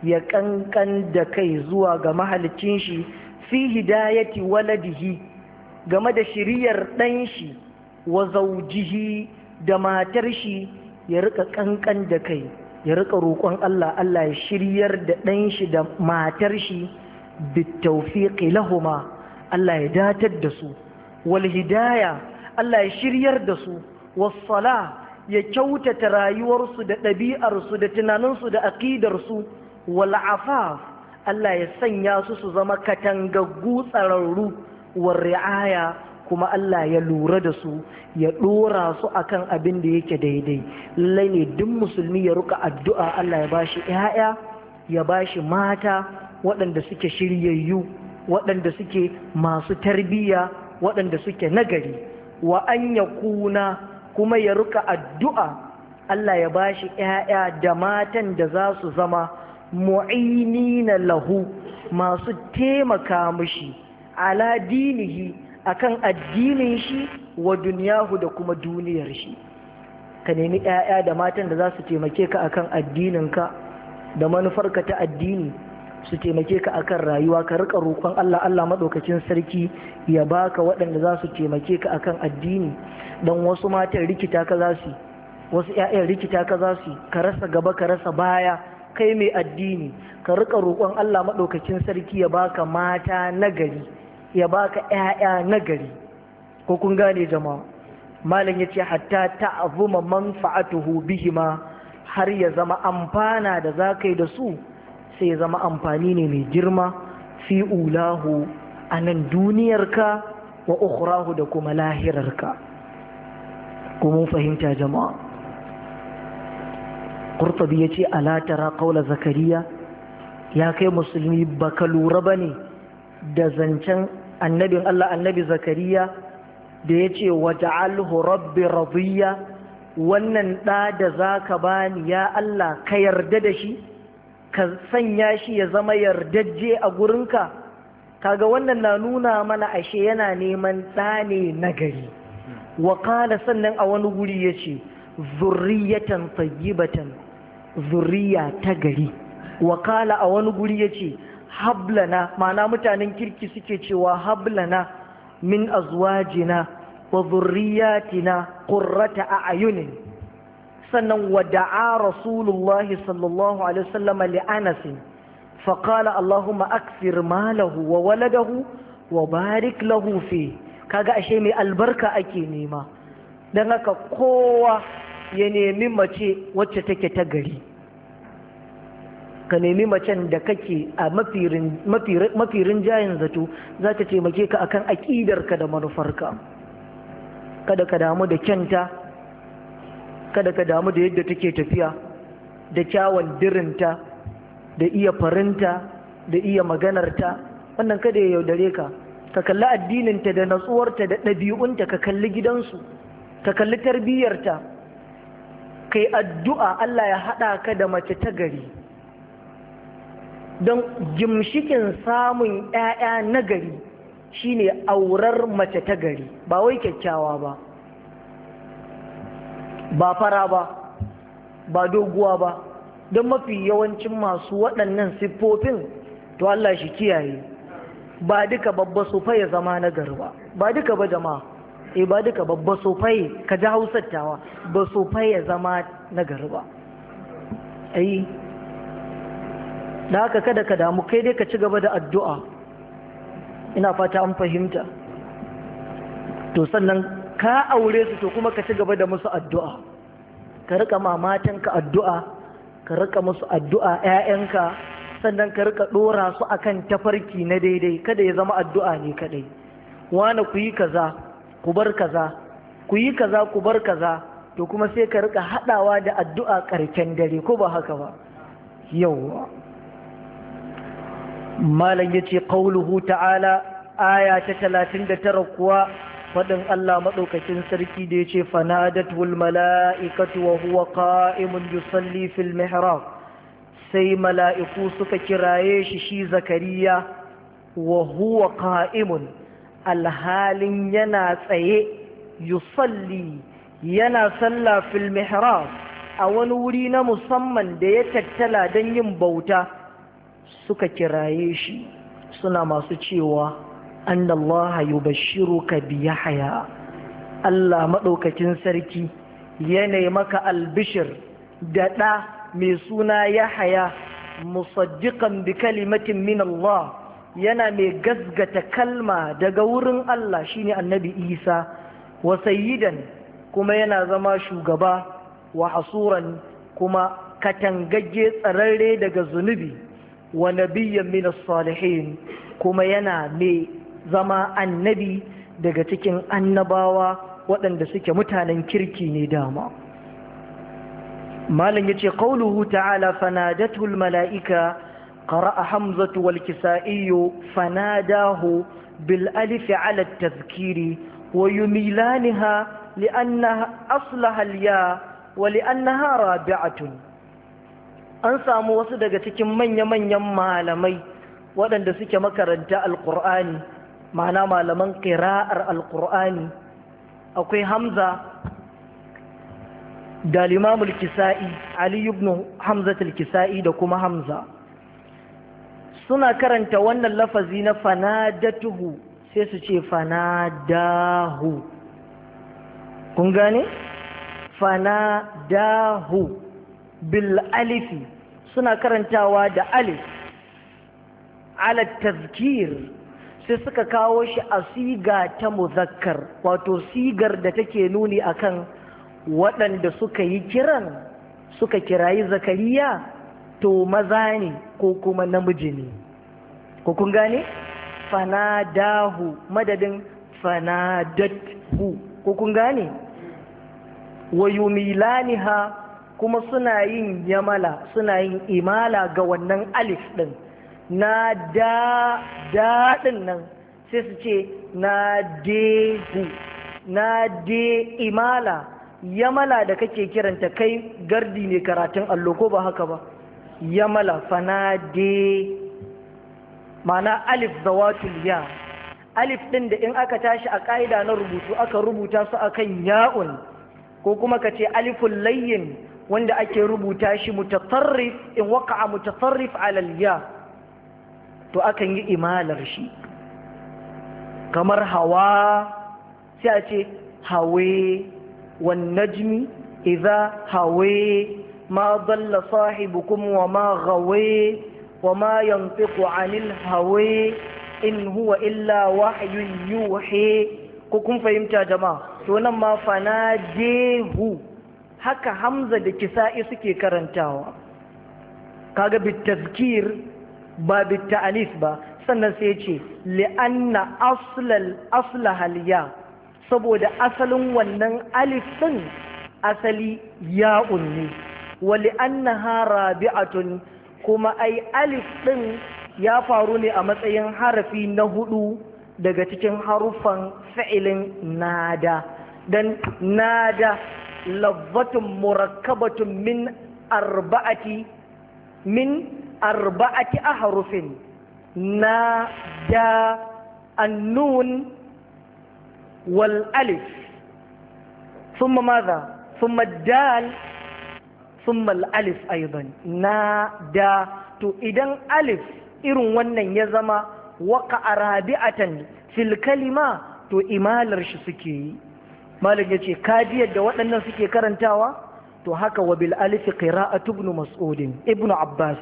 ya kankan da kai zuwa ga mahalicin shi fi hidayati waladihi game da shiriyar ɗan shi wa zaujihi da matar shi ya rika kankan da kai ya rika roƙon Allah Allah ya shiryar da ɗan shi da matar shi bitawfiqi lahuma Allah ya datar da su wal hidaya Allah ya shiryar da su was sala ya kyautata rayuwarsu da ɗabi'arsu da tunaninsu da aƙidarsu wal afaf Allah ya sanya su su zama katangaggu tsararru war ri'aya kuma Allah ya lura da su ya ɗora su akan abin da yake daidai lallai ne duk musulmi ya ruka addu'a Allah ya bashi ƴaƴa ya bashi mata waɗanda suke shiryayyu waɗanda suke masu tarbiyya waɗanda suke nagari wa an ya kuna kuma ya ruka addu'a Allah ya bashi ƴaƴa da matan da za su zama mu'inina lahu masu taimaka mushi ala dinihi akan addinin shi wa duniyahu da kuma duniyar shi ka nemi ƴaƴa da matan da za su taimake ka akan addininka da manufarka ta addini su taimake ka akan rayuwa ka rika roƙon Allah Allah madaukakin sarki ya baka waɗanda za su taimake ka akan addini don wasu matan rikita ka za su wasu ƴaƴan rikita ka za su ka rasa gaba ka rasa baya kai mai addini ka rika roƙon Allah madaukakin sarki ya baka mata nagari ya baka ƴaƴa nagari ko kun gane jama'a malam ce, hatta ta ta'zuma manfa'atuhu bihima har ya zama amfana da za yi da su sai ya zama amfani ne mai girma fi ulahu a nan duniyarka wa ukhrahu da kuma lahirarka ko mun fahimta jama'a qurtubi yace ala tara qawla zakariya ya kai musulmi baka lura bane da zancen annabin Allah annabi zakariya da ya ce waja'alhu rabbi radiyya wannan ɗa da zaka bani ya Allah ka yarda da shi ka sanya shi ya zama yardajje a gurinka kaga wannan na nuna mana ashe yana neman ɗa ne nagari wa sannan a wani guri ya ce zurriyatan tayyibatan zurriya ta gari wa a wani guri ya ce hablana ma'ana mutanen kirki suke cewa hablana min azwajina wa zurriyatina qurrata a'yunin sannan wada'a rasulullahi sallallahu alaihi wasallam li Anas fa qala allahumma akfir malahu wa waladahu wa barik lahu fi kaga ashe mai albarka ake nema dan haka kowa ya nemi mace wacce take ta gari ka nemi macen da kake a mafi rinjayen zato za ta taimake ka akan ka da manufarka kada ka damu da kyanta kada ka damu da yadda take tafiya da kyawun dirinta da iya farinta da iya maganarta wannan kada ya yaudare ka ka kalli addininta da natsuwarta da ɗabi'unta ka kalli gidansu ka kalli tarbiyyarta kai addu'a Allah ya haɗa ka da mace ta gari don gimshikin samun ‘ya'ya na gari shine aurar mace ta gari ba wai kyakkyawa ba ba fara ba ba doguwa ba don mafi yawancin masu waɗannan siffofin to Allah shi kiyaye ba duka babba sofai ya zama na gari ba ba duka ba jama'a e ba duka babba sofai ka ji hausattawa ba sofai ya zama na gari ba eh, da haka kada ka damu kai dai ka ci gaba da addu'a ina fata an fahimta to sannan ka aure su to kuma ka ci gaba da musu addu'a ka rika mamatanka addu'a ka rika musu addu'a 'ya'yanka sannan ka rika ɗora su akan tafarki na daidai kada ya zama addu'a ne kaɗai wane ku yi kaza ku bar kaza ku yi kaza ku bar kaza to kuma sai ka rika haɗawa da addu'a ƙarken dare ko ba haka ba yawwa malam yace qauluhu ta'ala aya ta 39 kuwa fadin Allah madaukakin sarki da yace fanadatul mala'ikatu wa huwa qa'imun yusalli fil mihrab sai mala'iku suka kiraye shi shi zakariya wa huwa qa'imun alhalin yana tsaye yusalli yana salla fil mihrab a wani wuri na musamman da ya tattala don yin bauta suka kiraye shi suna masu cewa annallaha ka bi yahya Allah maɗaukacin sarki yanayi maka albishir da ɗa mai suna yahya musaddiqan bi kalimatin min Allah yana mai gasgata kalma daga wurin Allah shine annabi Isa wa sayyidan kuma yana zama shugaba wa hasuran kuma katangagge tsararre daga zunubi wa nabiyyan min salihin kuma yana mai zama annabi daga cikin annabawa waɗanda suke mutanen kirki ne dama malam yace ƙauluhu ta'ala fanadatul mala'ika qara'a hamzatu walkisa'i fanadahu bil alif ala at wa yumilaniha li'annaha aslaha al wa li'annaha rabi'atun an samu wasu daga cikin manya-manyan malamai waɗanda suke makaranta alƙur'ani ma'ana malaman ƙira'ar alƙur'ani akwai hamza da limamul kisa'i ali ibn hamzatul kisa'i da kuma hamza suna karanta wannan lafazi na fanadatuhu sai su ce fanadahu kun gane fanadahu Bilalifi suna karantawa da alif ala tazkir sai suka kawo shi a siga ta muzakkar wato sigar da take nuni akan waɗanda suka yi kiran suka kirayi zakariya to maza ne ko kuma namiji ne ko kun gane fanadahu madadin fanadathu ko kun gane wa yumilaniha kuma suna yin yamala suna yin imala ga wannan alif ɗin na daɗin nan sai su ce na dehu na de imala yamala da kake kiranta kai gardi ne karatun allo ko ba haka ba yamala fa na de mana alif zawatul ya alif ɗin da in aka tashi a ƙa'ida na rubutu aka rubuta su akan ya'un ko kuma ka ce alifun layyin wanda ake rubuta shi mutatarrif in waqa'a mutatarrif ala ya to akan yi imalar shi kamar hawa sai a ce hawe wan najmi idza hawe ma sahibu kuma wa ma ghawe wa ma yantiqu anil hawe in huwa illa wahyun yuhi ko kun fahimta jama'a to nan ma fanajehu haka hamza da kisa'i suke karantawa kaga tazkir ba bitta'alif ba sannan sai ce li'anna aslal haliya, saboda asalin wannan alif ɗin asali ya unni wa li'anna li'annaha rabi'atun kuma ai alif ɗin ya faru ne a matsayin harafi na hudu daga cikin haruffan fi'ilin nada dan nada لفظة مركبة من أربعة من أربعة أحرف نا جا النون والألف ثم ماذا ثم الدال ثم الألف أيضا نا دا تو إذن ألف إرن ونن يزما وقع رابعة في الكلمة تو إمال شسكي malam yace kajiyar da waɗannan suke karantawa to haka wa bil alif qira'atu ibn mas'ud ibn abbas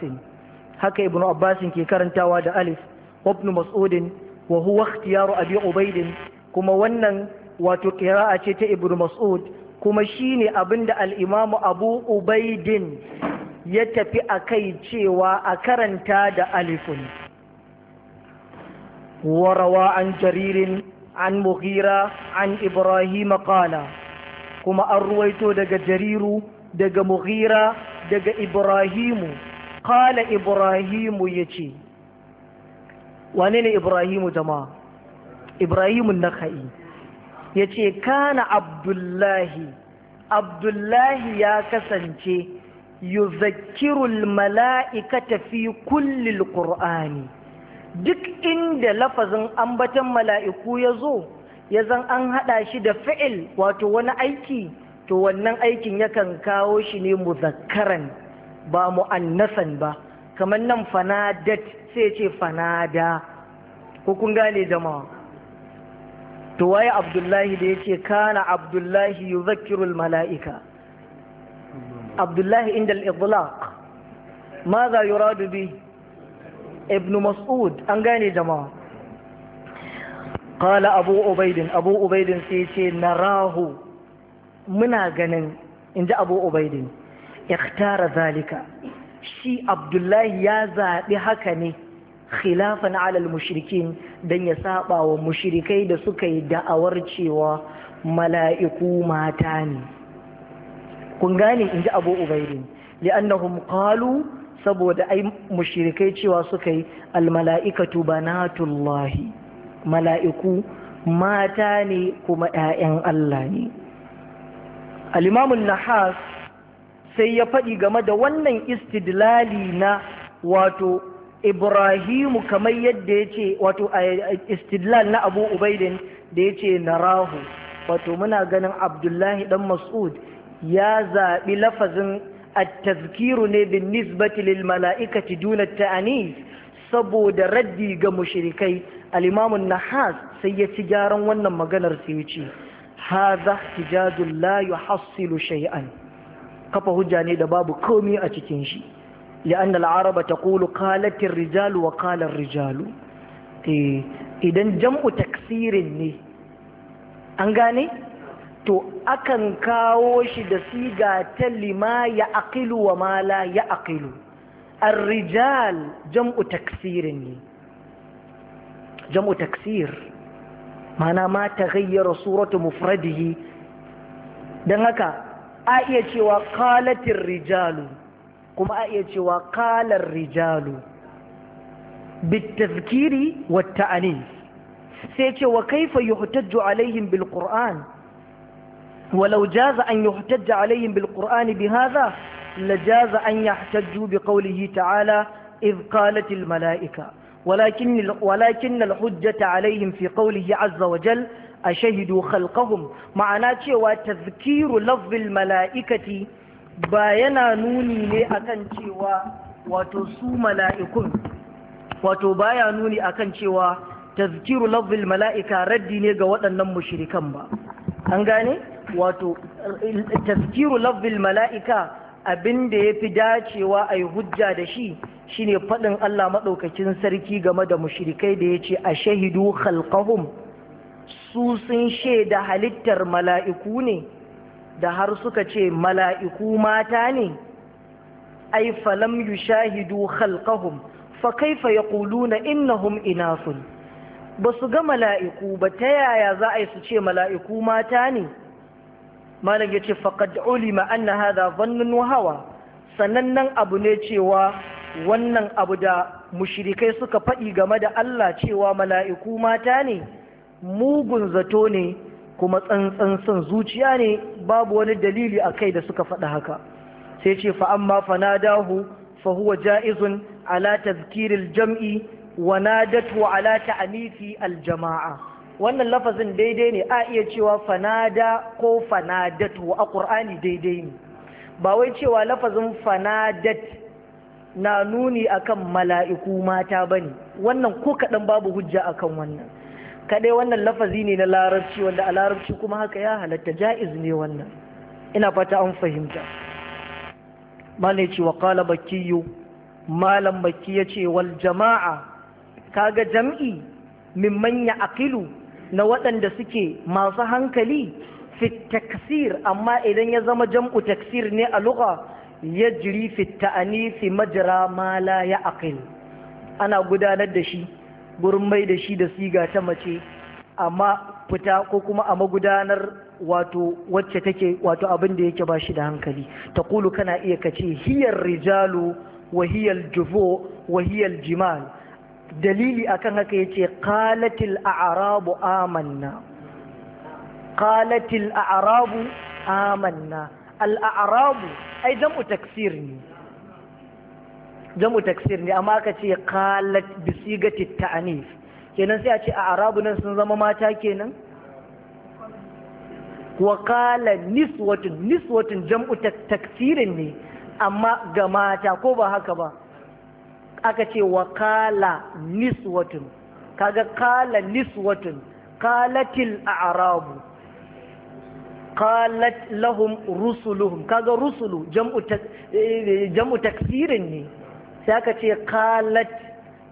haka ibn abbas ke karantawa da alif wa ibn mas'ud wa huwa ikhtiyaru abi ubayd kuma wannan wato qira'a ce ta ibn mas'ud kuma shine abinda al-imam abu ubaydin ya tafi akai cewa a karanta da alifun وروى عن جرير an mughira an ibrahim kala kuma an ruwaito daga jariru daga mughira daga ibrahimu qala ibrahimu yace wane ne ibrahimu jama'a ibrahimu nakhai yace kana abdullahi abdullahi ya kasance yuzakkirul mala'ikata fi kullil qur'ani duk inda lafazin ambaton mala'iku ya zo ya zan an haɗa shi da fi'il wato wani aiki to wannan aikin yakan kawo shi ne muzakkaran ba mu'annasan ba kamar nan fanadat sai ce fanada ko kun gane jama'a to waye abdullahi da ya ce kana abdullahi yuzakkirul mala'ika abdullahi inda al'idlaq ماذا يراد به ibn mas'ud an gane jama'a qala abu ubaidin abu ubaidin sai ce narahu muna ganin inji abu ubaidin ikhtara zalika shi abdullahi ya zaɓi haka ne khilafan alal mushrikin don ya saɓa wa mushirikai da suka yi da'awar cewa mala'iku mata ne kun gane inji abu ubaidin li'annahum qalu saboda ai mushrikai cewa suka yi almala'ikatu banatullahi mala'iku mata ne kuma 'ya'yan Allah ne al nahas sai ya faɗi game da wannan istidlali na wato ibrahimu kamar yadda ya ce wato istidlal na abu ubaidin da ya ce narahu wato muna ganin abdullahi dan mas'ud ya zaɓi lafazin التذكير بالنسبة للملائكة دون ta'ani saboda raddi ga mushrikai al-imamun nahas sai ya ci gyaran wannan maganar sai ya ce haza hijazun la yuhassilu shay'an kafa hujja ne da babu komi a cikin shi li'an al-araba taqulu qalat ar-rijalu wa qala ar-rijalu idan jam'u taksirin ne an gane to akan kawo shi da siga ta lima ya aqilu wa mala ya aqilu ar-rijal jam'u taksirin ne jam'u taksir mana ma taghayyara suratu mufradihi dan haka a iya cewa kalatin rijalu kuma a iya cewa kalar rijalu بالتذكير والتأنيث سيتي وكيف يحتج عليهم بالقرآن ولو جاز أن يحتج عليهم بالقرآن بهذا لجاز أن يحتجوا بقوله تعالى إذ قالت الملائكة ولكن, ولكن الحجة عليهم في قوله عز وجل أشهدوا خلقهم معناه وتذكير لفظ الملائكة باينا نوني لأكن شوى وتسو ملائكم وتبايا نوني أكن شوى تذكير لفظ الملائكة ردي نيقى وطنن مشركا أنقاني؟ wato tafkiru lafzil mala'ika abin da ya fi dacewa a yi hujja da shi shine faɗin Allah maɗaukakin sarki game da mushrikai da ya ce a shahidu khalqahum su sun shaida halittar mala'iku ne da har suka ce mala'iku mata ne ai falam shahidu khalqahum fa kaifa yaquluna innahum inafun ba su ga mala'iku ba ta yaya za a yi su ce mala'iku mata ne malam ya yace faƙad ulima anna hadha dhannun wahawa sannan sanannen abu ne cewa wannan abu da mushirikai suka faɗi game da Allah cewa mala'iku mata ne mugun zato ne kuma tsantsan son zuciya ne babu wani dalili a kai da suka faɗi haka sai ce fa amma fanadahu fa huwa ja'izun ala tazkiril jam'i wa nadatu ala alata al jama'a wannan lafazin daidai ne a iya cewa fanada ko fanadatu a ƙur'ani daidai ne ba wai cewa lafazin fanadat na nuni akan mala'iku mata ba ne wannan ko kaɗan babu hujja akan wannan kaɗai wannan lafazi ne na larabci wanda a larabci kuma haka ya halatta ja'iz ne wannan ina fata an fahimta malai ce wa ƙala bakiyu malam baki ya ce wal jama'a kaga jam'i mimman manya aqilu na waɗanda suke masu hankali fi taksir amma idan ya zama jam'u taksir ne a lugha ya jiri fi ta'ani fi majira ma la ya aqil ana gudanar da shi gurin mai da shi da siga ta mace amma fita ko kuma a magudanar wato wacce take wato abin da yake ba shi da hankali ta kulu kana iya kace hiyar rijalu wa hiyar jufo wa hiyar jimal dalili akan haka yace qalatil a'rabu amanna qalatil a'rabu amanna al a'rabu ai jam'u taksir ne jam'u taksir ne amma aka ce qalat bi sigati ta'nif kenan sai a ce a'rabu nan sun zama mata kenan wa qala niswatun niswatun jam'u taksirin ne amma ga mata ko ba haka ba aka ce wa kala niswatun kaga kala niswatun kalatil a'rabu qalat lahum rusuluhum kaga rusulu jam'u eh, jam'u taksirin ne sai aka ce qalat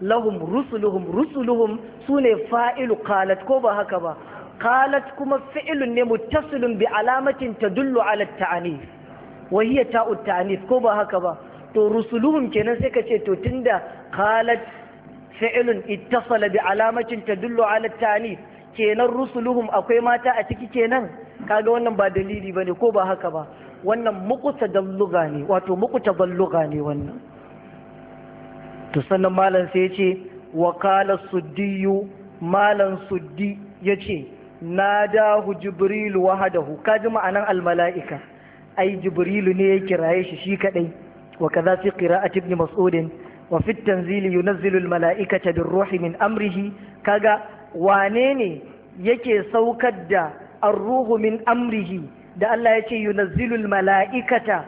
lahum rusuluhum rusuluhum sune fa'ilu kalat ko ba haka ba qalat kuma fi'ilun ne muttasilun bi alamatin tadullu ala at-ta'anif wa hiya ta'u taanif ko ba haka ba to rusuluhum kenan sai ka ce to tunda qalat fi'lun ittasala bi alamatin tadullu ala tani kenan rusuluhum akwai mata a ciki kenan kaga wannan ba dalili bane ko ba haka ba wannan muqta dalluga ne wato muqta dalluga ne wannan to sannan malam sai yace wa qala suddiyu malam suddi yace nadahu jibril wahdahu kaji ma'anan malaika ai jibrilu ne ya kiraye shi shi kadai وكذا في قراءة ابن مسعود وفي التنزيل ينزل الملائكة بالروح من أمره كذا وانيني amrihi سوكد الروح من أمره da Allah ya ce yunazzilul mala’ikata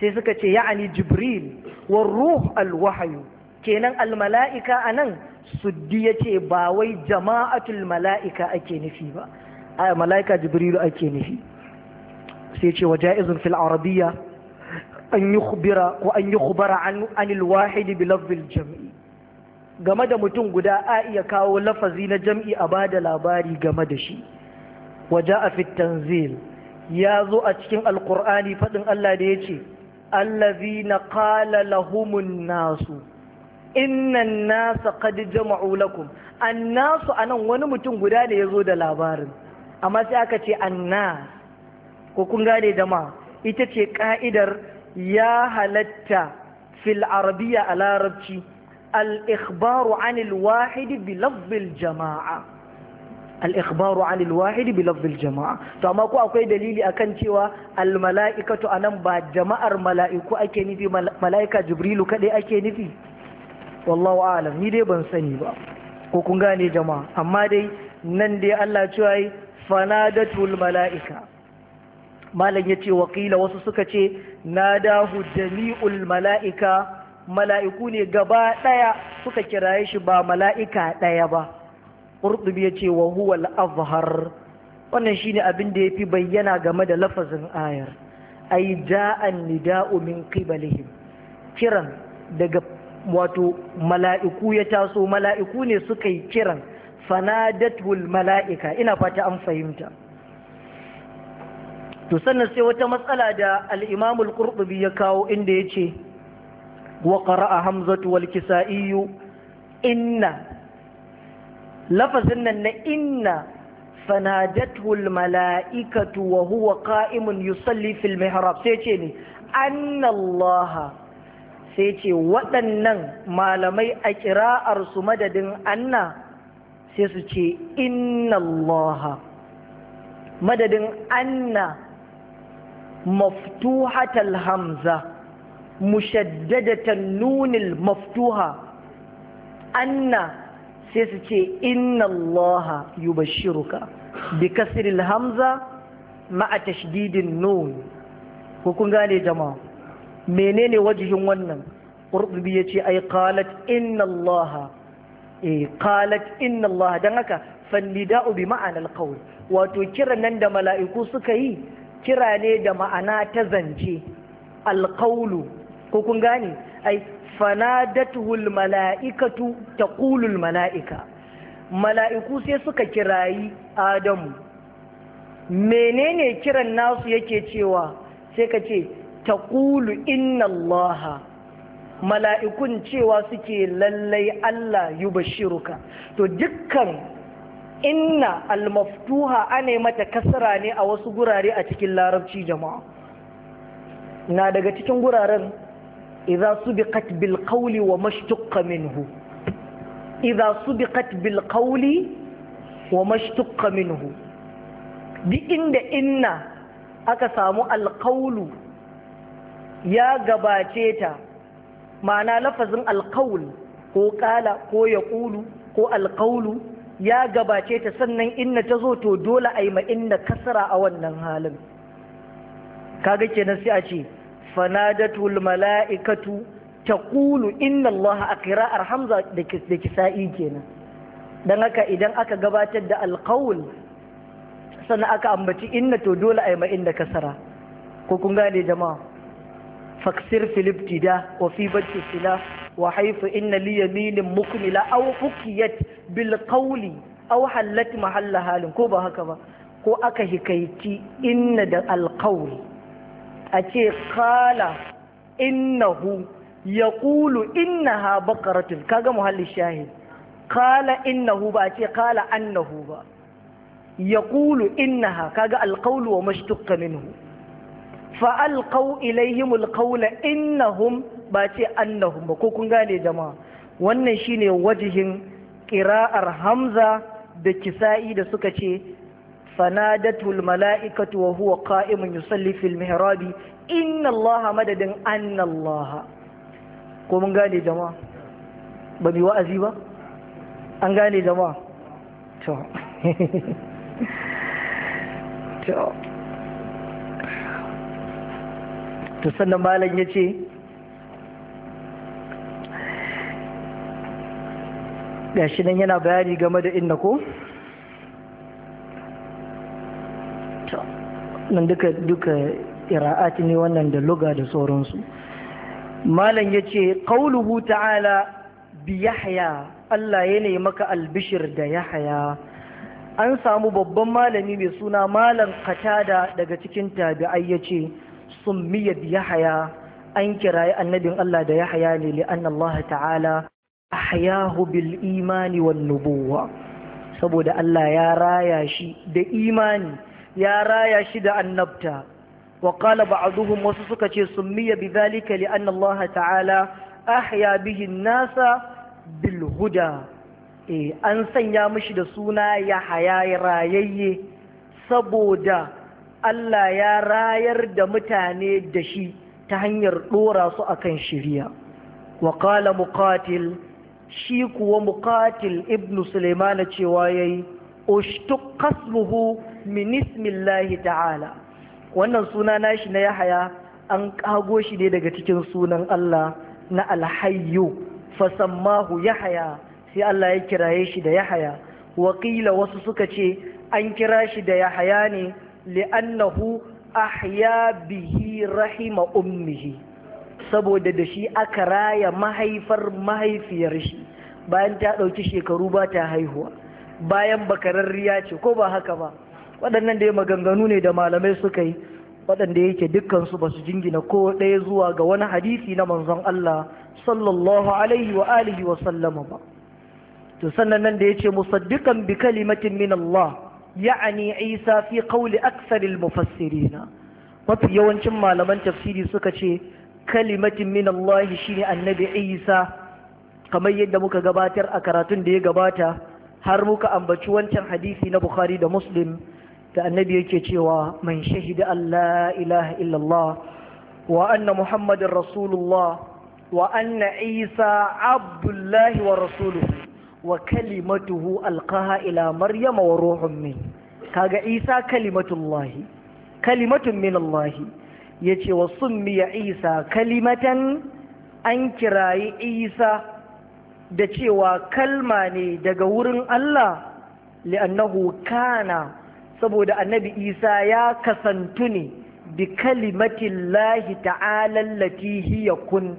sai suka ce ya’ani jibril ruh alwahayu kenan almala’ika a nan suddi ce ba wai jama’atul mala’ika ake nufi ba a mala’ika jibrilu ake nufi sai ce wa ja’izun fil arabiyya an yi hubira ko an yi hubara an anil wahidi bi jam'i game da mutum guda a iya kawo lafazi na jam'i a ba da labari game da shi waje a tanzil ya zo a cikin alkur'ani faɗin Allah da ya ce allazi na kala lahumun nasu innan nasa qad jama'u lakum an nasu anan wani mutum guda ne ya zo da labarin amma sai aka ce annas ko kun gane da ma ita ce ka'idar ya halatta fil arabiya a larabci al-ikhbaru anil wahidi bi lafzil jama'a Al'ikbaru anil wahidi jama'a to amma ko akwai dalili akan cewa al a nan ba jama'ar mala'iku ake nufi mala'ika jibrilu kadai ake nufi wallahu alam ni dai ban sani ba ko kun gane jama'a amma dai nan dai Allah cewa fanadatul mala'ika malam ce wakila wasu suka ce na nadahu jami'ul mala'ika mala'iku ne gaba ɗaya suka kiraye shi ba mala'ika ɗaya ba qurtubi ya wa huwa azhar wannan ne abin da ya fi bayyana game da lafazin ayar ai ja'an nida'u min qibalihim kiran daga wato mala'iku ya taso mala'iku ne suka yi kiran fanadatul mala'ika ina fata an fahimta to sannan sai wata matsala da al'imamul ƙurɓubi ya kawo inda ya ce wa ƙara'a hamzatu wal kisa'iyu inna lafazin nan na inna fanadatul mala'ikatu wa huwa ƙa’imun yusalli fil mihrab sai ce ne annallaha sai ce waɗannan malamai a ƙira'arsu madadin anna sai su ce innallaha madadin anna مفتوحة الهمزة مشددة النون المفتوحة أن سيستي إن الله يبشرك بكسر الهمزة مع تشديد النون وكن قال يا جماعة منين وجه ونم قرطبي يتي أي قالت إن الله إيه قالت إن الله دنك فالنداء بمعنى القول wato kiran nan da mala'iku suka yi kira ne da ma'ana ta zance alkaulu ko kun gane ai fanadatuhul mala'ikatu taqulul mala'ika mala'iku sai suka kirayi adamu menene kiran nasu yake cewa sai ka ce taqulu inna allaha mala'ikun cewa suke lallai Allah yubashiruka to dukkan inna almaftuha ana mata kasara ne a wasu gurare a cikin larabci jama'a na daga cikin guraren idza subiqat bil qawli wa mashtuqqa minhu idza subiqat bil qawli wa mashtuqqa minhu duk inda inna aka samu alqawlu ya gabace ta ma'ana lafazin alqawl ko qala ko yaqulu ko alqawlu ya gabace ta sannan inna ta zo to dole a yi ma inna kasara a wannan halin kaga kenan sai a ce fanadatul mala'ikatu taqulu inna allaha Akira, hamza da kisa'i kenan dan haka idan aka gabatar da alqaul sannan aka ambaci inna to dole a yi ma inna kasara ko kun gane jama'a faksir filibtida wa fi bacci sila wa haifu inna liya mukmila aw fukiyat bil a aw mahalla halin ko ba haka ba ko aka hikaici inna da alqawli a ce kala innahu yaqulu innaha baqaratun kaga muhalli shahid kala innahu ba a ce kala annahu ba yaqulu innaha kaga alqawlu wa mashtuqqa minhu فألقوا innahum ba ce annahum ba ko kun gane jama'a wannan shine wajihin ƙira'ar hamza da kisa'i da suka ce fanadatul mala'ikatu wa huwa qa'imun yusalli fil mihrabi inna allaha madadin anna allaha ko mun gane jama'a ba mai wa'azi ba an gane jama'a to to sannan malam ya ce gashi nan yana bayani game da inna ko nan duka duka ira'ati ne wannan da luga da sauransu malam ya ce qauluhu ta'ala bi yahya Allah ya ne maka albishir da yahya an samu babban malami mai suna malam katada daga cikin tabi'ai ya ce summiya bi yahya an kirayi annabin Allah da yahya ne li ta'ala ahyahu bil imani wan nubuwa saboda Allah ya raya shi da imani ya raya shi da annabta wa qala ba'dhum wasu suka ce summiya bidhalika li anna Allah ta'ala ahya bihi nasa bil huda eh an sanya mishi da suna ya haya rayayye saboda Allah ya rayar da mutane da shi ta hanyar dora su akan shiriya wa qala muqatil shi kuwa muqatil ibnu sulaimana cewa yayi ushtu qasmuhu min ismillahi ta'ala wannan suna nashi na yahaya an kago shi ne daga cikin sunan Allah na alhayyu fasammahu yahaya sai Allah ya kiraye shi da yahaya wakila wasu suka ce an kira shi da yahaya ne li'annahu ahya bihi rahima ummihi saboda da shi aka raya mahaifar mahaifiyar shi bayan ta ɗauki shekaru ba ta haihuwa bayan bakararriya ce ko ba haka ba waɗannan da ya maganganu ne da malamai suka yi waɗanda yake dukkansu ba su jingina ko ɗaya zuwa ga wani hadisi na manzon Allah sallallahu alaihi wa alihi wa sallama ba to sannan nan da yace musaddiqan bi kalimatin min Allah ya'ani Isa fi qawli aksaril mufassirina mafi yawancin malaman tafsiri suka ce kalimatin min Allah shine annabi Isa kamar yadda muka gabatar a karatun da ya gabata har muka ambaci wancan hadisi na Bukhari da Muslim da annabi yake cewa man shahida Allah ilaha illallah wa anna Muhammadin Rasulullah wa anna Isa abdullahi wa rasuluhu wa kalimatuhu alqaha ila Maryama wa ruhun min kaga Isa kalimatullahi kalimatun min ya ce wa summiya isa kalimatan an kirayi isa da cewa kalma ne daga wurin Allah li'annahu kana saboda annabi isa ya kasantu ne bi kalimatin lahi ta'ala lati hiya kun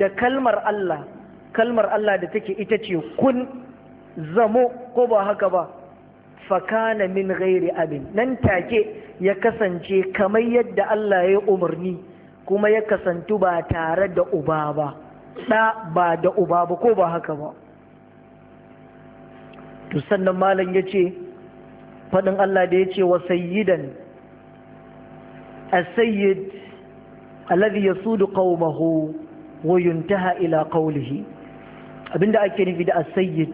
da kalmar Allah kalmar Allah da take ita ce kun zamo ko ba haka ba fakana min ghairi abin nan take ya kasance kamar yadda Allah ya umarni kuma ya kasantu ba tare da uba ba ɗa ba da uba ba ko ba haka ba to sannan malam ya ce faɗin Allah da ya ce wa sayyidan as-sayyid alladhi yasudu qaumahu wa yuntaha ila qawlihi abinda ake nufi da as-sayyid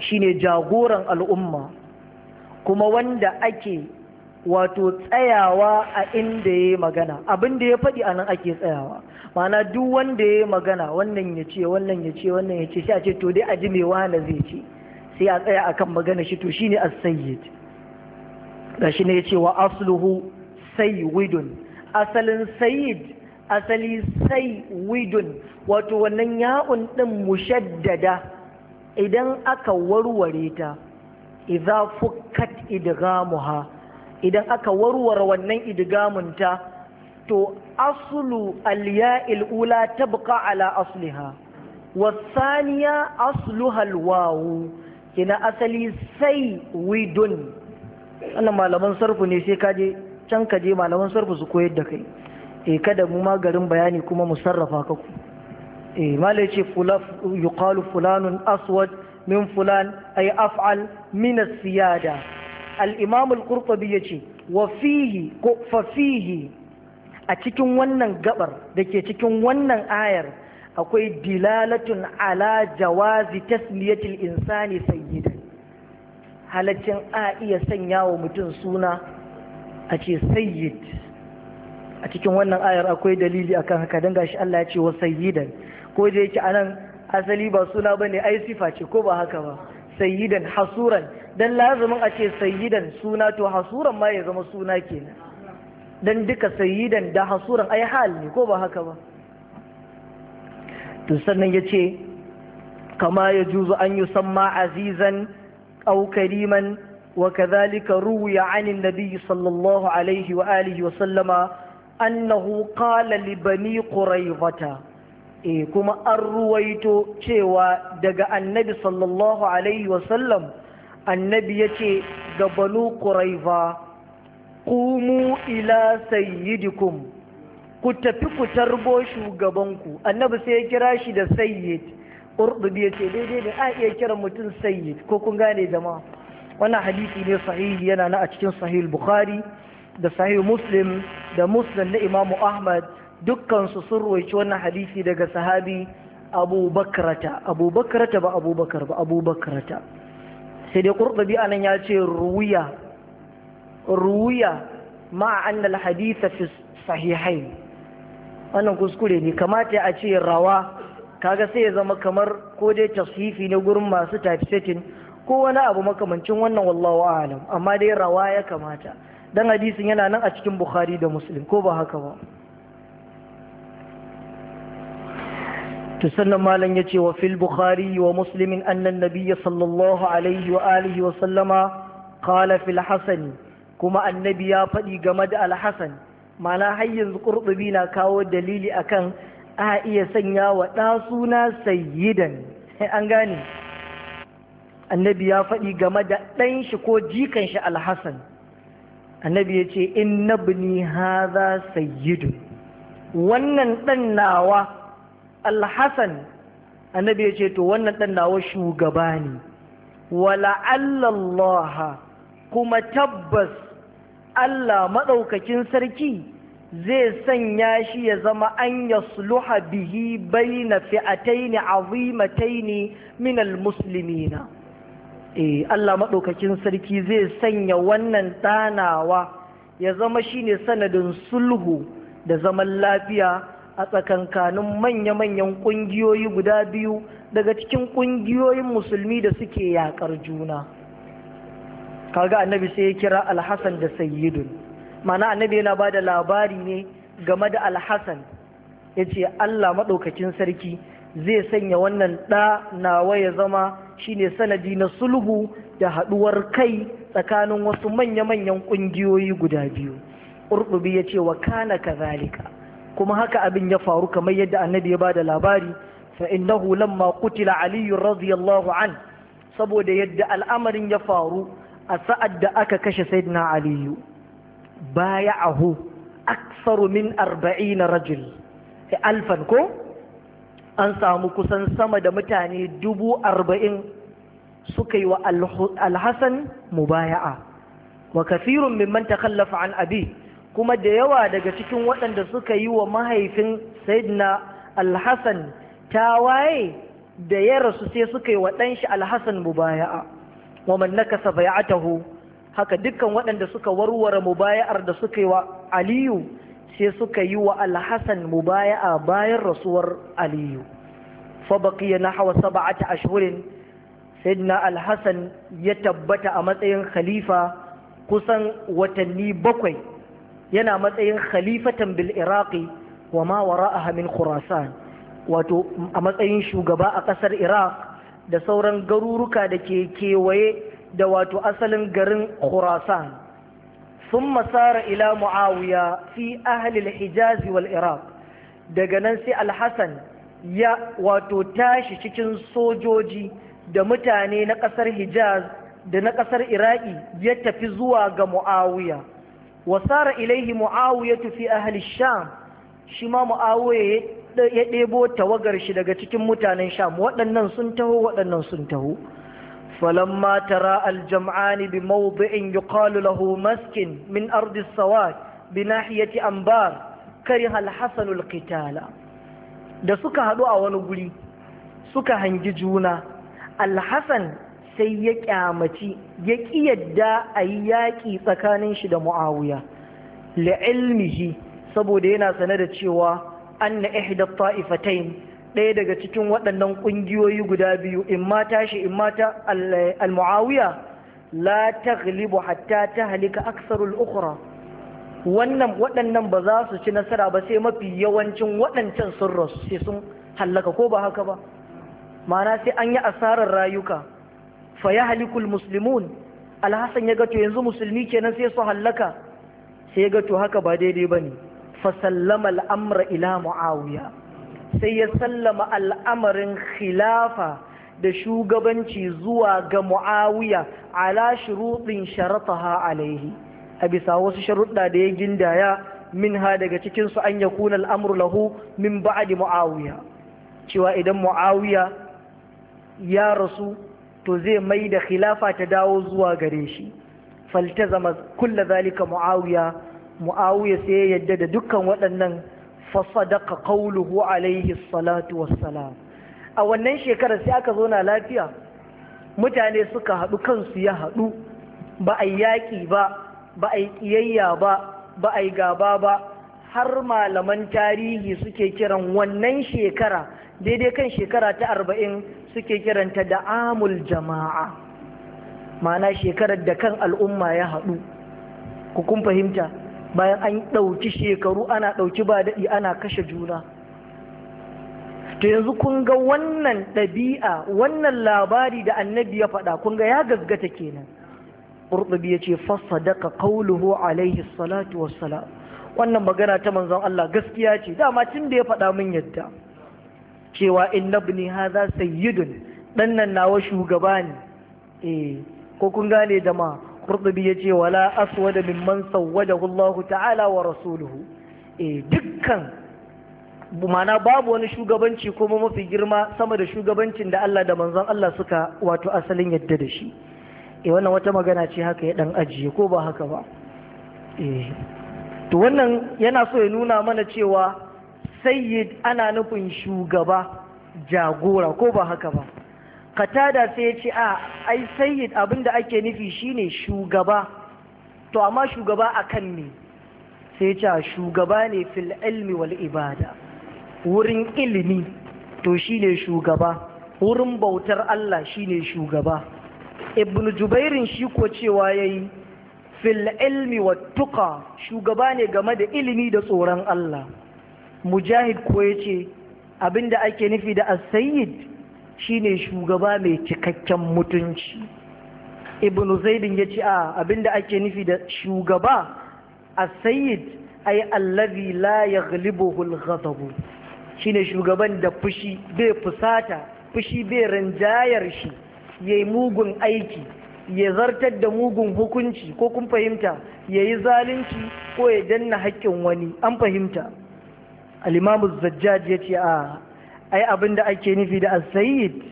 shine jagoran al'umma kuma wanda ake wato tsayawa a inda ya magana abin da ya faɗi a nan ake tsayawa Mana duk wanda ya magana wannan ya ce wannan ya ce wannan ya ce sai a ce to dai a ji mai na zai ce sai a tsaya akan magana shi to shine a sayyid shi ne ya ce wa asluhu widun. asalin sayyid asali sai widun. wato wannan ya'un din mushaddada idan aka warware ta idza fukkat idghamuha idan aka warware wannan ta to aslu alya'il ula tabqa ala asliha wasaniya asluha halwawu, ina asali sai widun wannan malaman sarfu ne sai kaje can kaje malaman sarfu su koyar da kai e kada mu ma garin bayani kuma mu sarrafa ka ku e malai ce yuqalu fulanun aswad min fulan ay af'al min siyada al-imam al-qurtubi yace wa fihi ko fa fihi a cikin wannan gabar da ke cikin wannan ayar akwai dilalatun ala jawazi tasmiyatil insani sayyida halaccin a iya sanya wa mutum suna a ce sayyid a cikin wannan ayar akwai dalili akan haka don gashi Allah ya ce wa sayyidan ko da yake anan asali ba suna bane ai sifa ce ko ba haka ba sayyidan hasuran dan lazumin a ce sayyidan suna to hasuran ma ya zama suna kenan dan duka sayyidan da hasuran ai hal ne ko ba haka ba to sannan ya ce kama ya juzu an yi samma azizan au kariman wa kazalika ruwiya ya nabi sallallahu alaihi wa alihi wa sallama annahu qala li bani e kuma an ruwaito cewa daga annabi sallallahu alaihi wa sallam annabi ya ce ga banu ƙuraiva ƙumu ila sayyidikum ku tafi ku tarbo shugabanku annabi sai ya kira shi da sayyid ƙurɗubi ya ce daidai da a iya kira mutum sayyid ko kun gane zama wannan hadisi ne sahihi yana na a cikin sahih bukhari da sahih muslim da muslim na imamu ahmad dukkansu sun roci wannan hadisi daga sahabi abubakarata abubakarata ba abubakar ba abubakarata sai dai qurtubi anan ya ce ruwiya ruwiya ma anna fi sahihain wannan kuskure ne kamata a ce rawa kaga sai ya zama kamar ko dai tasifi ne gurin masu typesetting ko wani abu makamancin wannan wallahu a'lam amma dai rawa ya kamata dan hadisin yana nan a cikin bukhari da muslim ko ba haka ba tusannan malam ya ce wa fil bukhari wa muslimin annan nabiya sallallahu alaihi wa alihi kuma annabi ya faɗi game da alhassan mana har yanzu ƙurɓubi na kawo dalili akan a iya sanya wa ɗa suna sayyidan an gane annabi ya faɗi game da ɗanshi ko jikan shi alhassan annabi ya ce in nabni haza sayyidu wannan ɗan nawa alhassan annabi ya ce to wannan ɗan nawa shugaba ne wala'allallaha kuma tabbas Allah maɗaukakin sarki zai sanya shi ya zama an yasluha bihi baina fi'ataini azimataini min almuslimina eh Allah maɗaukakin sarki zai sanya wannan ɗanawa ya zama shine sanadin sulhu da zaman lafiya a tsakankanin manya-manyan ƙungiyoyi guda biyu daga cikin ƙungiyoyin musulmi da suke yaƙar juna kaga annabi sai ya kira alhassan da sayyidun mana annabi yana ba da labari ne game da alhassan ya ce allah maɗaukakin sarki zai sanya wannan ɗa nawa ya zama shine sanadi na sulhu da haɗuwar kai tsakanin wasu manya-manyan ƙungiyoyi guda biyu urɗubi ya ce wa kana kazalika kuma haka abin ya faru kamar yadda annabi ya bada labari fa innahu lamma kutila ali radiyallahu an saboda yadda al'amarin ya faru a sa'ad da aka kashe sayyidina baya baya'ahu aktsaru min 40 rajul eh, alfan ko an samu kusan sama da mutane dubu arba'in suka yi wa alhassan mubaya'a wa kafirun mimman takallafa an abi kuma da yawa daga cikin waɗanda suka yi wa mahaifin sayyidina alhassan ta waye da ya rasu sai suka yi wa ɗanshi alhassan mubaya'a wa man nakasa bai'atahu haka dukkan waɗanda suka warware mubaya'ar da suka yi wa aliyu sai suka yi wa alhassan mubaya'a bayan rasuwar aliyu fa baqiya nahwa sab'ata ashhurin sayyidina alhassan ya tabbata a matsayin khalifa kusan watanni bakwai yana matsayin khalifatan bil iraqi wa ma wara'aha min khurasan wato a matsayin shugaba a kasar iraq da sauran garuruka da ke kewaye da wato asalin garin khurasan sun masara ila muawiya fi ahalil hijazi wal iraq daga nan sai alhassan ya wato tashi cikin sojoji da mutane na kasar hijaz da na kasar iraki ya tafi zuwa ga muawiya wasara ilaihi mu'awiyatu fi ahli sham shi ma mu'awiya ya ɗebo tawagar shi daga cikin mutanen sham waɗannan sun taho waɗannan sun taho فلما ترى الجمعان بموضع يقال له مسكن bi أرض السواد بناحية أنبار kari الحسن القتال da suka haɗu a wani guri suka hangi juna alhassan sai ya kyamaci ya ƙi yadda a yi yaƙi tsakanin shi da mu'awiya li'ilmihi saboda yana sane da cewa anna ihda ta'ifatain ɗaya daga cikin waɗannan ƙungiyoyi guda biyu in ma tashi in ma ta al-mu'awiya la taghlibu hatta ta halika aksarul ukhra wannan waɗannan ba za su ci nasara ba sai mafi yawancin waɗancan sun rasu sai sun hallaka ko ba haka ba ma'ana sai an yi asarar rayuka fa yahlikul muslimun ya gato yanzu musulmi kenan sai su hallaka sai ya gato haka ba daidai bane fa sallama al'amra ila muawiya sai ya sallama al'amarin khilafa da shugabanci zuwa ga muawiya ala shuruɗin sharataha alaihi a bisa wasu sharuɗa da ya gindaya minha daga cikinsu an ya al'amru lahu min ba'adi mu'awiya cewa idan mu'awiya ya rasu to zai mai da khilafa ta dawo zuwa gare shi Falta zama kulla zalika muawiya muawiya sai ya yadda da dukkan waɗannan fasadaka qawluhu alaihi salatu wassalam a wannan shekarar sai aka zo na lafiya mutane suka haɗu kansu ya haɗu ba a yaƙi ba ba a yi ƙiyayya ba ba a yi gaba ba har malaman tarihi suke kiran wannan shekara daidai kan shekara ta arba'in suke kiranta da amul jama'a ma'ana shekarar da kan al'umma ya haɗu ku kun fahimta bayan an ɗauki shekaru ana ɗauki ba daɗi ana kashe juna to yanzu kun ga wannan ɗabi'a wannan labari da annabi ya faɗa kun ga ya gazgata kenan ƙurɗubi ya ce fasa daga kauluhu alaihi salatu wassalam wannan magana ta manzon Allah gaskiya ce dama tun da ya faɗa min yadda cewa inna ibni hadha sayyidun dan nan nawa shugaba ne eh ko kun gane da ma qurtubi yace wala aswada mimman sawwadahu Allah ta'ala wa rasuluhu eh dukkan mana babu wani shugabanci kuma mafi girma sama da shugabancin da Allah da manzon Allah suka wato asalin yadda da shi eh wannan wata magana ce haka ya ɗan ajiye ko ba haka ba eh. to wannan yana so ya nuna mana cewa sayyid ana nufin shugaba jagora ko ba haka ba katada sai ya ce a ai sayyid abinda ake nufi shine shugaba to amma shugaba a kan ne sai ya ce shugaba ne fil ilmi wal ibada wurin ilimi to shine shugaba wurin bautar Allah shine shugaba ibnu jubairin shi ko cewa yayi fil ilmi wa tuka shugaba ne game da ilimi da tsoron Allah mujahid ko yace abinda ake nufi da as-sayyid shine shugaba mai cikakken mutunci ibnu zaidin yace a abinda ake nufi da shugaba as-sayyid ay allazi la yaghlibuhu al-ghadab shine shugaban da fushi bai fusata fushi bai rinjayar shi yayi mugun aiki ya zartar da mugun hukunci ko kun fahimta ya yi zalunci ko ya danna haƙƙin wani an fahimta alimamu zajjaj ya ce a ai abin da ake nufi da al-sayyid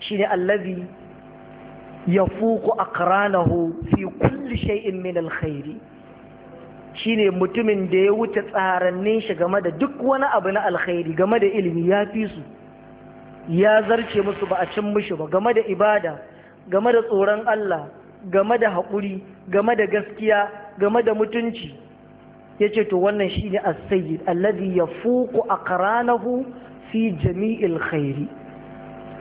shi ne allazi ya fuku akranahu fi kulli shay'in min alkhairi shine mutumin da ya wuce tsarannin shi game da duk wani abu na alkhairi game da ilimi ya fi su ya zarce musu ba a cin mushi ba game da ibada game da tsoron Allah game da haƙuri game da gaskiya game da mutunci ya ce to wannan shi ne asayid allazi ya fuku a karanahu fi jami'il khairi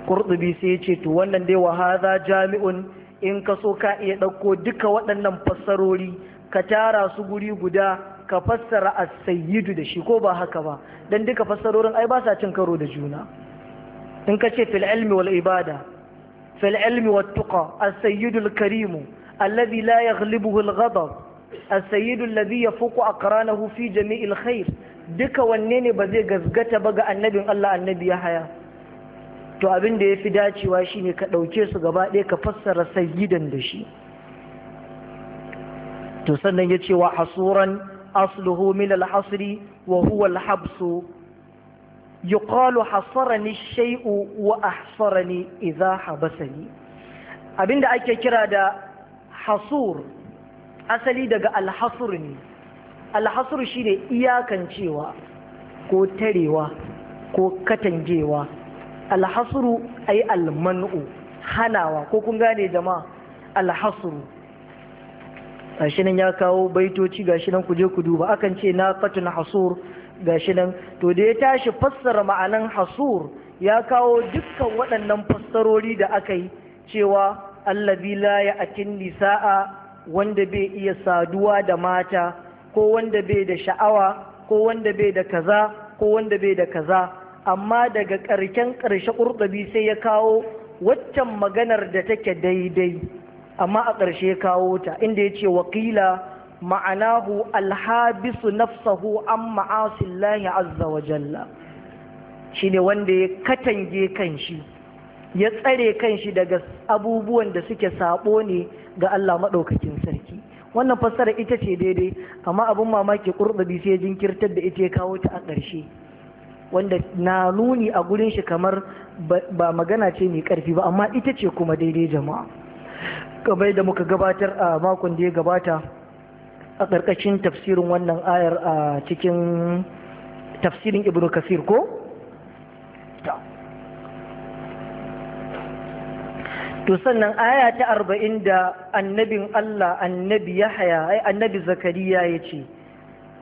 kurɗubi sai ya ce to wannan dai wahaza jami'un in ka so ka iya ɗauko duka waɗannan fassarori ka tara su guri guda ka fassara asayidu da shi ko ba haka ba don duka fassarorin ai ba sa cin karo da juna in ka ce fil ilmi wal ibada في العلم والتقى karimu الكريم الذي لا يغلبه الغضب السيد الذي يفوق أقرانه في جميع الخير duka wanne ne ba zai gazgata ba ga annabin Allah annabi ya haya to abinda ya fi dacewa shine ka ɗauke su gaba ɗaya ka fassara sayyidan da shi to sannan ya ce wa hasuran asluhu min al-hasri wa huwa habsu yuqalu hasarani shay'u wa ahsarani idha habasani abinda ake kira da hasur asali daga alhasur ne alhasur shine iyakancewa ko tarewa ko katangewa alhasuru ay alman'u hanawa ko kun gane jama'a alhasuru gashi nan ya kawo baitoci gashi nan ku je ku duba akan ce na katun hasur gashi nan to da ya tashi fassara ma'anan hasur ya kawo dukkan waɗannan fassarori da aka yi cewa allabi la ya akin nisa'a wanda bai iya saduwa da mata ko wanda bai da sha'awa ko wanda bai da kaza ko wanda bai da kaza amma daga ƙarshen ƙarshe ƙurɗabi sai ya kawo waccan maganar da take daidai amma a ƙarshe ya kawo ta inda ya ce wakila ma'anahu alhabisu nafsahu an ma'asillahi azza wa jalla shine wanda ya katange kanshi ya tsare kanshi daga abubuwan da suke sabo ne ga Allah maɗaukakin sarki wannan fassara ita ce daidai amma abin mamaki kurbabi sai jinkirtar da ita ya kawo ta a ƙarshe wanda na nuni a gurin shi kamar ba magana ce mai ƙarfi ba amma ita ce kuma daidai jama'a kamar da muka gabatar a makon da ya gabata a ƙarƙashin tafsirin wannan ayar a cikin tafsirin Ibn kasir ko to sannan aya ta arba'in da annabin Allah annabi Yahaya annabi Zakariya ya ce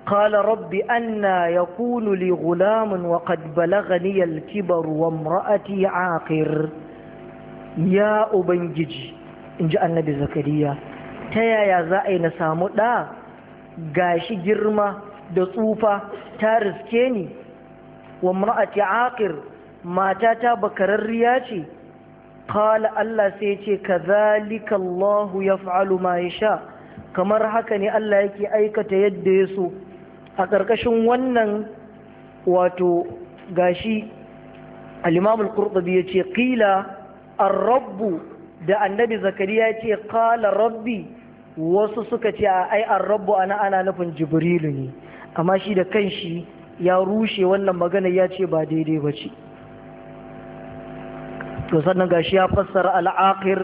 kala rabbi anna kunu li gulamun wa qad balaghani al-kibar wa akir ya ubangiji In ji annabi Zakariya ta yaya za a yi na samu ɗa gashi girma da tsufa ta riske ni wa mar'ati aqir mata ta bakararriya ce qala Allah sai ce kadhalika Allah yaf'alu ma yasha kamar haka ne Allah yake aikata yadda ya so a ƙarƙashin wannan wato gashi al-Imam al-Qurtubi yace qila ar-rabb da annabi zakariya yace qala rabbi wasu suka ce a ai an rabu ana ana nufin jibrilu ne amma shi da kanshi ya rushe wannan magana ya ce ba daidai ba ce to sannan ga shi ya fassara al'akir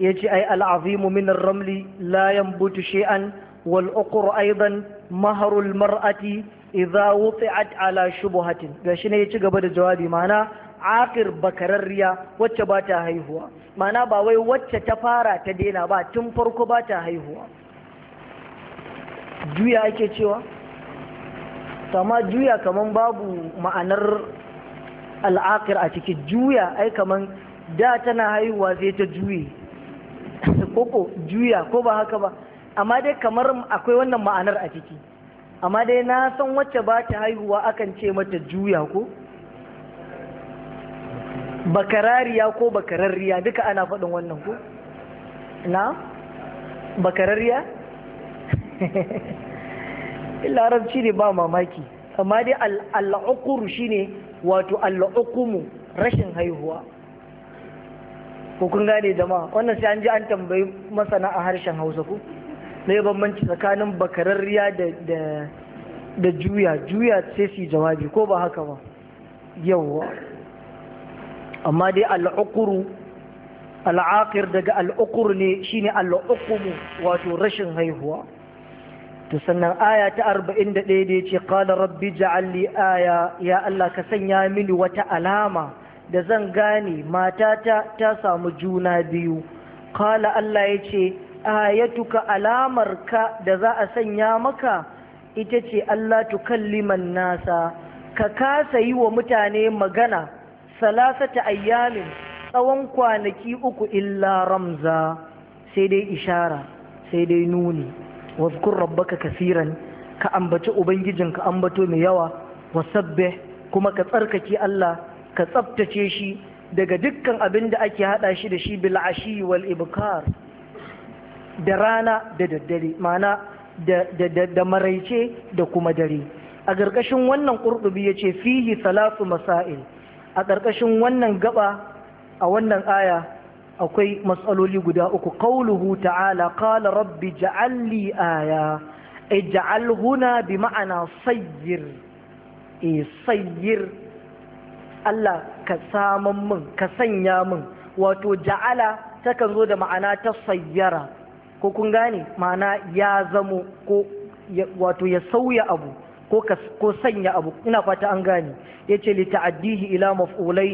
ya ce ai al'azimu min ramli layan butu shi'an wal uqru aidan maharul mar'ati idza wuti'at ala Ga shi ne ya ci gaba da jawabi ma'ana akir bakararriya wacce ba ta haihuwa mana ba wai wacce ta fara ta daina ba tun farko ba ta haihuwa juya ake cewa sama juya kaman babu ma'anar al'akir a ciki juya ai kaman da tana haihuwa zai ta juye koko juya ko ba haka ba amma dai kamar akwai wannan ma'anar a ciki amma dai na san wacce ba ta haihuwa akan ce mata juya ko bakarariya ko bakararriya duka ana faɗin wannan ku na bakararriya larabci ne ba mamaki amma dai shi shine wato al'ukumu rashin haihuwa ko kun gane jama'a wannan sai an ji an tambayi masana a harshen hausa ku mai bambanci tsakanin bakararriya da juya juya sai su jawabi ko ba haka ba yawwa amma dai al'ukuru al'akir daga al'ukuru ne shine al'ukumu wato rashin haihuwa Ta sannan aya ta arba'in da ɗaya da ya ce qala rabbi ja'alli aya ya Allah ka sanya mini wata alama da zan gane matata ta samu juna biyu kala Allah ya ce ayatuka alamarka da za a sanya maka ita ce Allah tukalliman nasa ka kasa yi wa mutane magana salasata ayyamin tsawon kwanaki uku illa ramza sai dai ishara sai dai nuni wazkur rabbaka kasiran ka ambaci Ubangijin ka ambato mai yawa wasabbih kuma ka tsarkake Allah ka tsabtace shi daga dukkan abin da ake hada shi da shi bil ashi wal ibkar da rana da daddare ma'ana da maraice da kuma dare a ƙarƙashin wannan ƙurɗubi ya ce fihi salatu masail a ƙarƙashin wannan gaba a wannan aya akwai matsaloli guda uku ƙauluhu ta'ala ƙala rabbi ja'alli aya ja'al huna bi ma'ana sayyir e sayyir Allah ka saman min ka sanya min wato ja'ala takan zo da ma'ana ta sayyara ko kun gane ma'ana ya zamo ko wato ya sauya abu ko sanya abu ina fata an gane yace li ta'addihi ila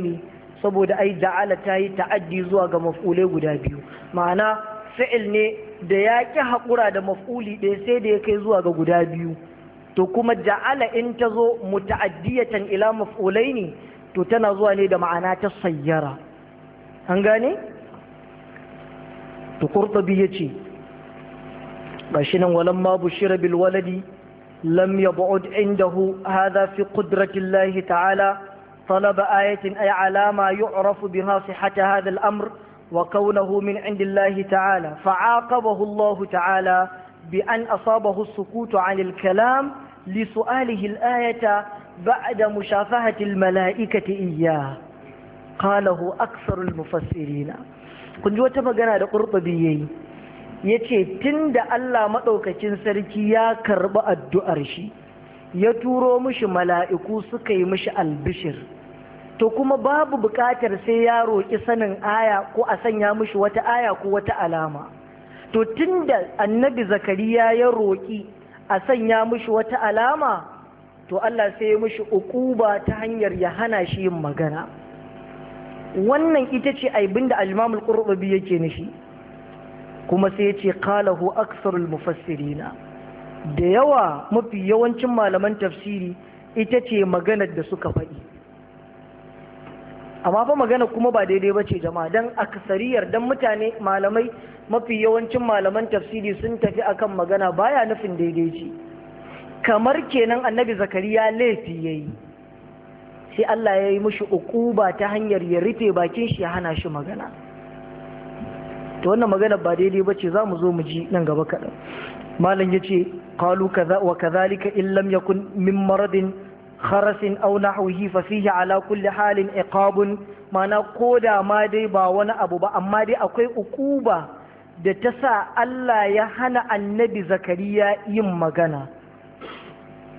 ne saboda ai ja'ala ta yi ta'addi zuwa ga maf'ulai guda biyu ma'ana fi'il ne da ya ki haƙura da maf'uli ɗaya sai da ya kai zuwa ga guda biyu to kuma ja'ala in ta zo muta'addiyatan ila maf'ulaini to tana zuwa ne da ma'ana ta sayyara an gane to qurtubi yace gashi nan walamma bushira bil waladi لم يبعد عنده هذا في قدرة الله تعالى طلب آية أي على ما يعرف بها صحة هذا الأمر وكونه من عند الله تعالى فعاقبه الله تعالى بأن أصابه السكوت عن الكلام لسؤاله الآية بعد مشافهة الملائكة إياه قاله أكثر المفسرين كنت وتمغنا لقرطبيين ya ce tun da Allah maɗaukacin sarki ya karɓi addu'ar shi ya turo mishi mala'iku suka yi mishi albishir to kuma babu buƙatar sai ya roƙi sanin aya ko a sanya mishi wata aya ko wata alama to tun da annabi zakariya ya roƙi a sanya mushi wata alama to Allah sai ya mishi uquba ta hanyar ya hana shi yin magana wannan ita ce aibin da al-Imam qurtubi yake nishi kuma sai ya ce kalahu aksarul mufassirina da yawa mafi yawancin malaman tafsiri ita ce maganar da suka faɗi amma fa magana kuma ba daidai ba ce jama'a don aksariyar don mutane malamai mafi yawancin malaman tafsiri sun tafi akan magana baya nufin daidai ce kamar kenan annabi zakariya laifi ya yi sai Allah ya yi mashi ukuba ta hanyar ya rufe bakin shi ya hana shi magana to wannan magana ba daidai ba ce za mu zo mu ji nan gaba kaɗan malam ya ce kalu wa kazalika in lam yakun min maradin kharasin aw nahwihi fa fihi ala kulli halin iqabun mana da ma dai ba wani abu ba amma dai akwai ukuba da ta sa Allah ya hana annabi zakariya yin magana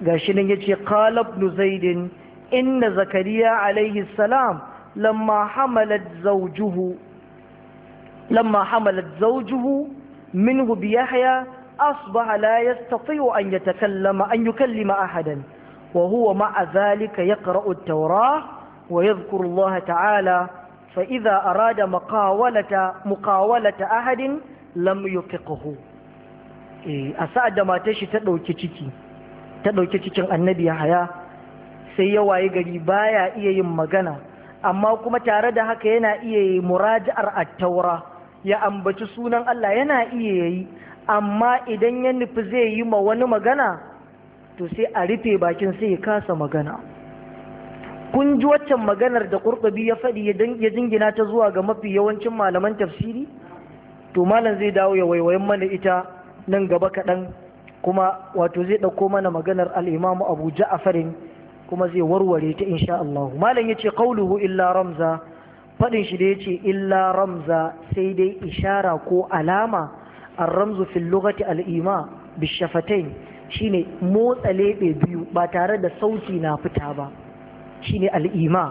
gashi nan ce qala ibn zaidin inna zakariya alayhi salam lamma hamalat zawjuhu لما حملت زوجه منه بيحيى أصبح لا يستطيع أن يتكلم أن يكلم أحدا وهو مع ذلك يقرأ التوراة ويذكر الله تعالى فإذا أراد مقاولة, مقاولة أحد لم يفقه أسعد ما تشي تدو كتكي تدو كتكي النبي حياة سيوا يقري بايا إيه يمغنى أما كما تارد هكا ينا إيه مراجع التوراة ya ambaci sunan Allah yana iya yayi amma idan ya nufi zai yi ma wani magana to sai a rufe bakin sai ya kasa magana kun ji waccan maganar da kurɓabi ya faɗi ya jingina ta zuwa ga mafi yawancin malaman tafsiri to malam zai dawo ya waiwayin mana ita nan gaba kaɗan kuma wato zai ɗauko mana maganar al'imamu a farin kuma zai warware ta insha Allah malam ya ce ƙauluhu illa ramza faɗin shi da ya ce illa ramza sai dai ishara ko alama an ramzu fil lugati al'ima bishafatain shine motsa leɓe biyu ba tare da sauti na fita ba shine al'ima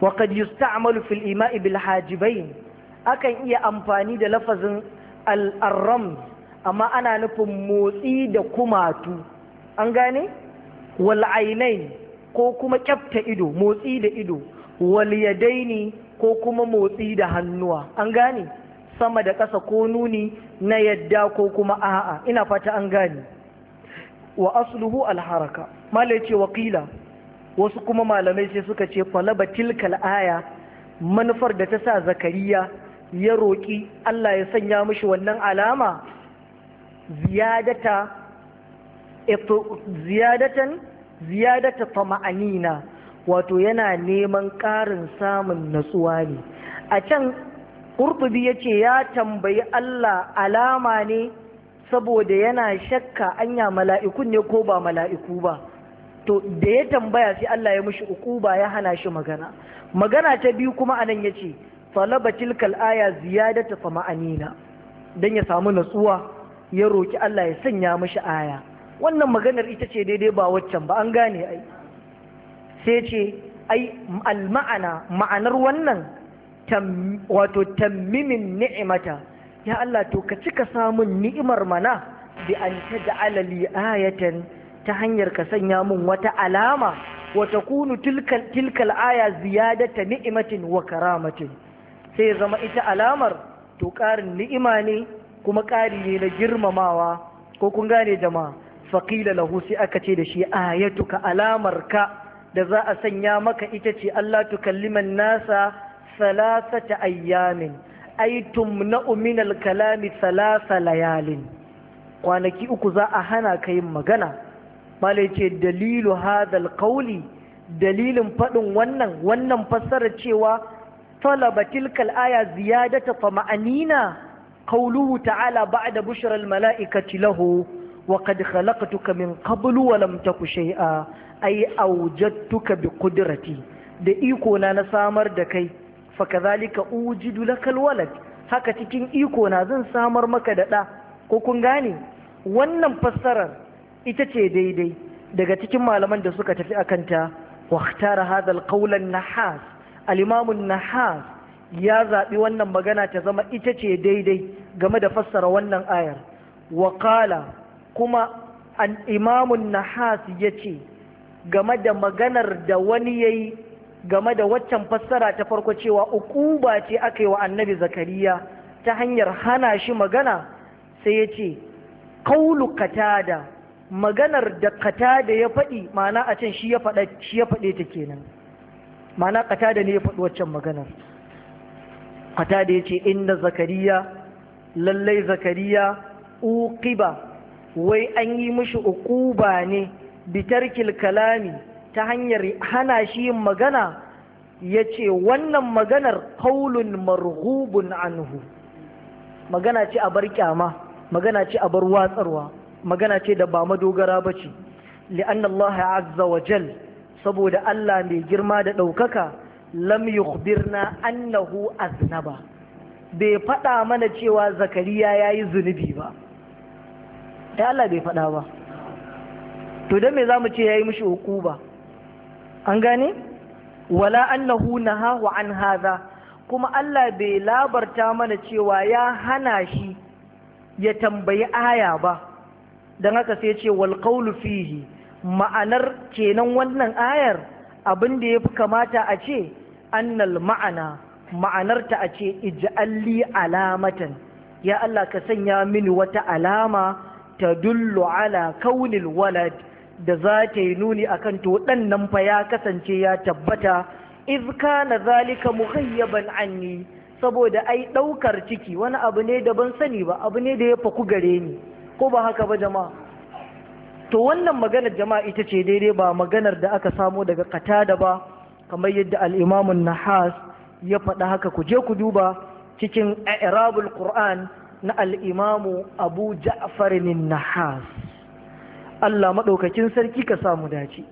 wa qad yusta'malu fil ima'i bil hajibain akan iya amfani da lafazin al'arram amma ana nufin motsi da kumatu an gane wal ko kuma kyafta ido motsi da ido wal yadaini ko kuma motsi da hannuwa an gane sama da ƙasa ko nuni na yadda ko kuma a'a ina fata an gane wa asluhu alharaka mala ce wakila wasu kuma malamai sai suka ce falaba tilkal aya manufar da ta sa zakariya ya roƙi Allah ya sanya mishi wannan alama ziyadata ziyadatan ziyadata fama'anina wato yana neman ƙarin samun natsuwa ne a can ƙurbubi ya ce ya tambayi Allah alama ne saboda yana shakka anya mala'ikun ne ko ba mala'iku ba to da ya tambaya sai Allah ya mushi ba ya hana shi magana magana ta biyu kuma anan ya ce falaba tilkal aya ziyadata fa ma'anina don ya samu natsuwa ya roki Allah ya sanya mushi aya wannan maganar ita ce daidai ba waccan ba an gane ai sai ce ai alma'ana ma'anar wannan wato tammimin ni'imata ya Allah to ka cika samun ni'imar mana bi an taj'ala alali ayatan ta hanyar ka sanya mun wata alama wata kunu tilkal tilkal aya ta ni'imatin wa karamatin sai zama ita alamar to ƙarin ni'ima ne kuma ƙari ne na girmamawa ko kun gane jama'a faqila lahu sai aka ce da shi alamar ka. da za a sanya maka ita ce Allah tukalliman nasa salasata ayyamin aitum na min kalami salasa layalin kwanaki uku za a hana ka yin magana malai ce dalilu hadal kauli dalilin faɗin wannan wannan fassarar cewa talaba tilkal aya ziyadata fama'anina qawluhu ta'ala ba'da bushra al-mala'ikati lahu وقد خلقتك من قبل ولم تك شيئا أي bi بقدرتي da iko na na samar da kai fakazalika ujidu lakal walad haka cikin iko na zan samar maka da ɗa ko kun gane wannan fassarar ita ce daidai daga cikin malaman da suka tafi akan ta waktara hadal qawlan nahas alimamun nahas ya zaɓi wannan magana ta zama ita ce daidai game da fassara wannan ayar wa qala kuma al'imamun nahas ya ce game da maganar da wani ya yi game da waccan fassara ta farko cewa ukuba ce aka yi wa annabi zakariya ta hanyar hana shi magana sai ya ce kaulu katada maganar da katada ya faɗi mana a can shi ya faɗe ta kenan mana katada ne ya faɗi waccan maganar katada ya ce inda zakariya lallai zakariya uqiba wai an yi mishi Ukuba ne bitarkil kalami ta hanyar hana shi yin magana ya ce wannan maganar kaulun marhubun anhu magana ce a bar kyama magana ce a bar watsarwa magana ce da ba madogara ba ce li'an Allah azza wa jal saboda Allah mai girma da ɗaukaka lam yukhbirna annahu aznaba bai faɗa mana cewa zakariya ya yi zunubi ba ta Allah bai faɗa ba to dan me za mu ce ya yi mishi hukuba an gane wala annahu nahahu an haza. kuma Allah bai labarta mana cewa ya hana shi ya tambayi aya ba don haka sai ce wal qawlu fihi ma'anar kenan wannan ayar abin da yafi kamata a ce annal ma'ana ma'anarta a ce ij'alli alamatan ya Allah ka sanya mini wata alama tadullu ala kaunil walad da za ta yi nuni akan to dan nan fa ya kasance ya tabbata iska na zalika mughayyaban anni saboda ai ɗaukar ciki wani abu ne da ban sani ba abu ne da ya faku gare ni ko ba haka ba jama'a to wannan maganar jama'a ita ce daidai ba maganar da aka samo daga katada ba kamar yadda al'imamun nahas ya faɗa haka ku je ku duba cikin i'rabul qur'an na al'imamu abu ja'farin nahas Allah maɗaukakin sarki ka samu dace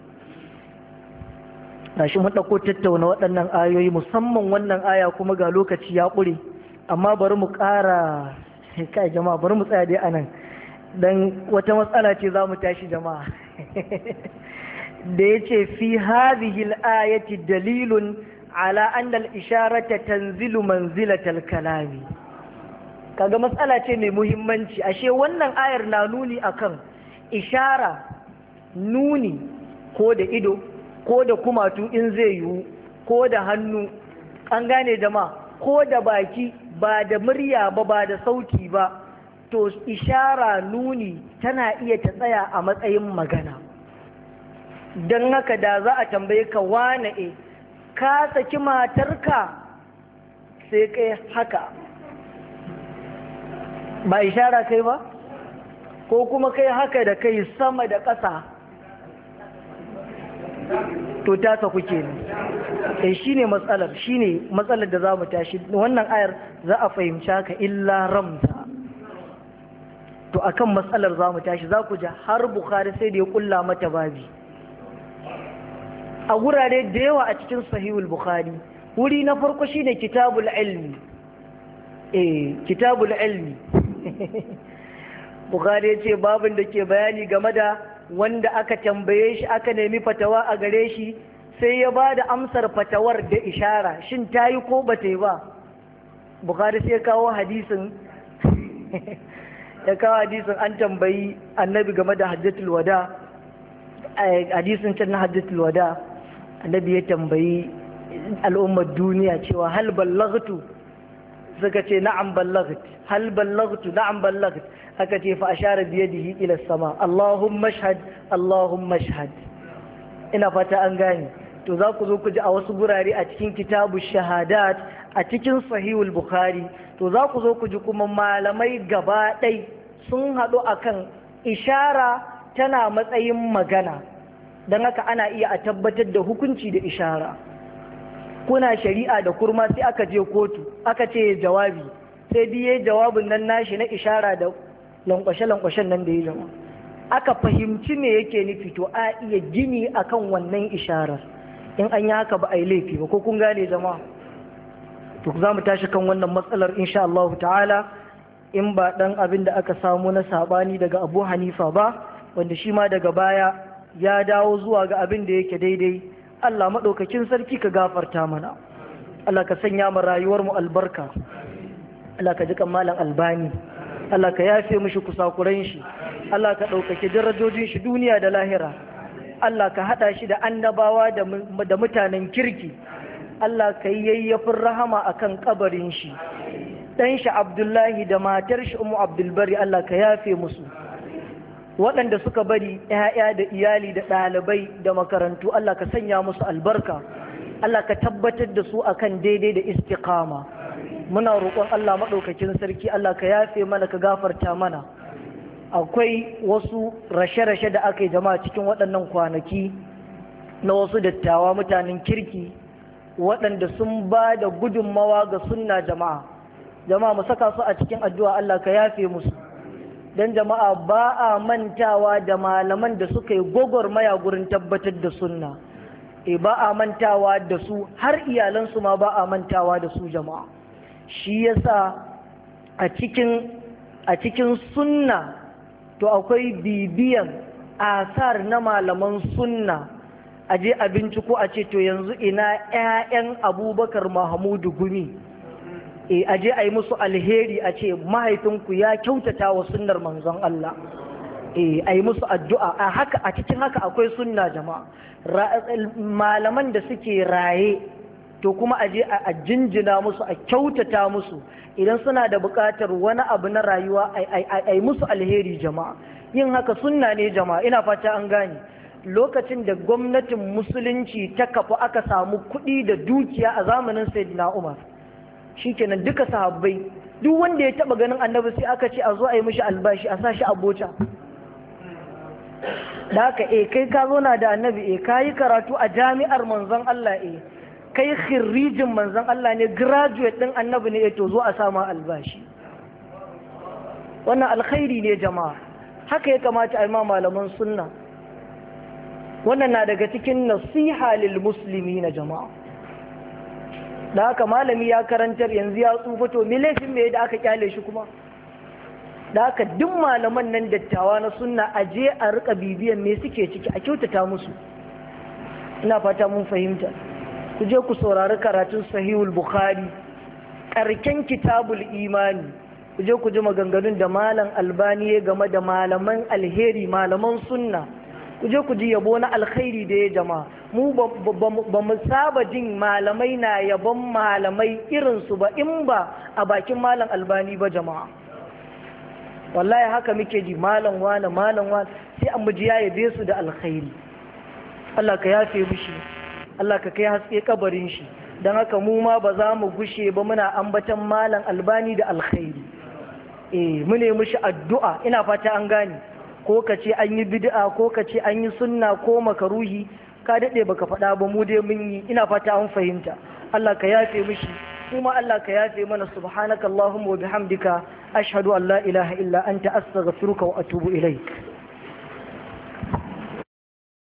na shi maɗauko tattauna waɗannan ayoyi musamman wannan aya kuma ga lokaci ya ƙure amma bari mu ƙara kai jama'a bari mu tsaya dai anan. nan don wata matsala ce za mu tashi jama'a da ya ce fi hazihil ayati dalilun ala isharata tanzilu manzilatal kalami kaga matsala ce mai muhimmanci ashe wannan ayar na nuni akan ishara nuni ko da ido ko da kumatu in zai yiwu ko da hannu an gane ma ko da baki ba da murya ba ba da sauti ba to ishara nuni tana iya ta tsaya a matsayin magana don haka da za a tambaye ka wane e ka saki matarka sai kai haka ba ishara kai ba ko kuma kai haka da kai sama da ƙasa to tasa kuke ne eh, shi ne matsalar shi matsalar da za mu tashi wannan ayar za a fahimci ka illa ramza to akan matsalar za mu tashi za ku ji har bukhari sai da ya kulla mata babi a gurare da yawa a cikin sahihul bukhari wuri na farko shine kitabul ilmi eh kitabul ilmi bukhari ya ce babin da ke bayani game da wanda aka tambaye shi aka nemi fatawa a gare shi sai ya ba da amsar fatawar da ishara shin ta yi ko ba ta yi ba bukhari sai ya kawo hadisin ya kawo hadisin an tambayi annabi game da hajjatul wada eh, hadisin can na hajjatul wada annabi ya tambayi al'ummar duniya cewa hal ballaghtu suka ce na'am ballaghtu hal ballagtu na'am ballagt aka ce fa ashara bi yadihi ila sama Allahumma shahad Allahumma shahad ina fata an gane to za ku zo ku ji a wasu gurare a cikin kitabu shahada a cikin sahihul bukhari to za ku zo ku ji kuma malamai gaba ɗai sun haɗu akan ishara tana matsayin magana don haka ana iya a tabbatar da hukunci da ishara kuna shari'a da kurma sai aka je kotu aka ce jawabi sai biye jawabin nan nashi na ishara da lankwashe-lankwashen nan da ya zama. aka fahimci me yake nufi to a iya gini akan wannan isharar in an yi haka ba a yi laifi ba ko kun gane zama? to za mu tashi kan wannan matsalar insha Allah ta'ala in ba dan abin da aka samu na saɓani daga Abu Hanifa ba wanda shi ma daga baya ya dawo zuwa ga abin da yake daidai Allah maɗaukakin sarki ka gafarta mana Allah ka sanya mu rayuwar mu albarka Allah ka jikan malam albani Allah ka yafe mishi kusakuran shi Allah ka ɗaukaki darajojin shi duniya da lahira Allah ka haɗa shi da annabawa da mutanen kirki Allah ka yi yayyafin rahama akan kabarin shi ɗan shi Abdullahi da matar shi Umu Abdulbari Allah ka yafe musu waɗanda suka bari ‘ya'ya da iyali da ɗalibai da makarantu Allah ka sanya musu albarka Allah ka tabbatar da su akan daidai da istiqama. muna roƙon Allah maɗaukakin sarki Allah ka yafe mana ka gafarta mana akwai wasu rashe-rashe da aka yi jama'a cikin waɗannan kwanaki na wasu dattawa mutanen kirki waɗanda sun ba da gudunmawa ga sunna jama'a jama'a mu saka su a cikin addu'a Allah ka yafe musu Dan jama'a ba a mantawa da malaman da suka yi gwagwarmaya gurin tabbatar da sunna e ba a mantawa da su har iyalansu ma ba a mantawa da su jama'a shi yasa a cikin a cikin sunna to akwai bibiyan asar na malaman sunna a je a binciko a ce to yanzu ina 'ya'yan abubakar mahamudu gumi e a je a yi musu alheri a ce mahaifinku ya kyautata wa sunnar manzon Allah e a yi musu addu'a a a cikin haka akwai sunna jama'a malaman da suke raye to kuma a je a jinjina musu a kyautata musu idan suna da buƙatar wani abu na rayuwa a yi musu alheri jama'a yin haka sunna ne jama'a ina fata an gane lokacin da gwamnatin musulunci ta kafa aka samu kuɗi da dukiya a zamanin sayyidina umar shikenan duka sahabbai duk wanda ya taba ganin annabi sai aka ce a zo a yi mishi albashi a sa shi abota da haka eh kai ka zo na da annabi eh kayi karatu a jami'ar manzon Allah eh kai khirrijin manzon Allah ne graduate din annabi ne eh to zo a sama albashi wannan alkhairi ne jama'a haka ya kamata a yi malaman sunna wannan na daga cikin nasiha lil muslimi na jama'a da haka malami ya karantar yanzu ya tsufa to me laifin me da aka kyale shi kuma da haka duk malaman nan dattawa na sunna a je a rika bibiyan me suke ciki a kyautata musu ina fata mun fahimta ku je ku saurari karatun sahihul bukhari karken kitabul imani ku je ku ji maganganun da malam albani ya game da malaman alheri malaman sunna ku je ku ji yabo na alkhairi da ya jama'a mu ba mu saba jin malamai na yabon malamai irinsu ba in ba a bakin malam albani ba jama'a wallahi haka muke ji malam wane malam wane sai an muji ya yabe su da alkhairi Allah ka yafe mishi Allah ka kai haske kabarin shi don haka mu ma ba za mu gushe ba muna ambatan malam albani da alkhairi eh mu ne addu'a ina fata an gane ko ka ce an yi bid'a ko ka ce an yi sunna ko makaruhi ka daɗe baka faɗa ba mu dai mun yi ina fata an fahimta Allah ka yafe mishi kuma Allah ka yafe mana subhanakallahumma wa bihamdika ashhadu an la ilaha illa anta astaghfiruka wa atubu ilaik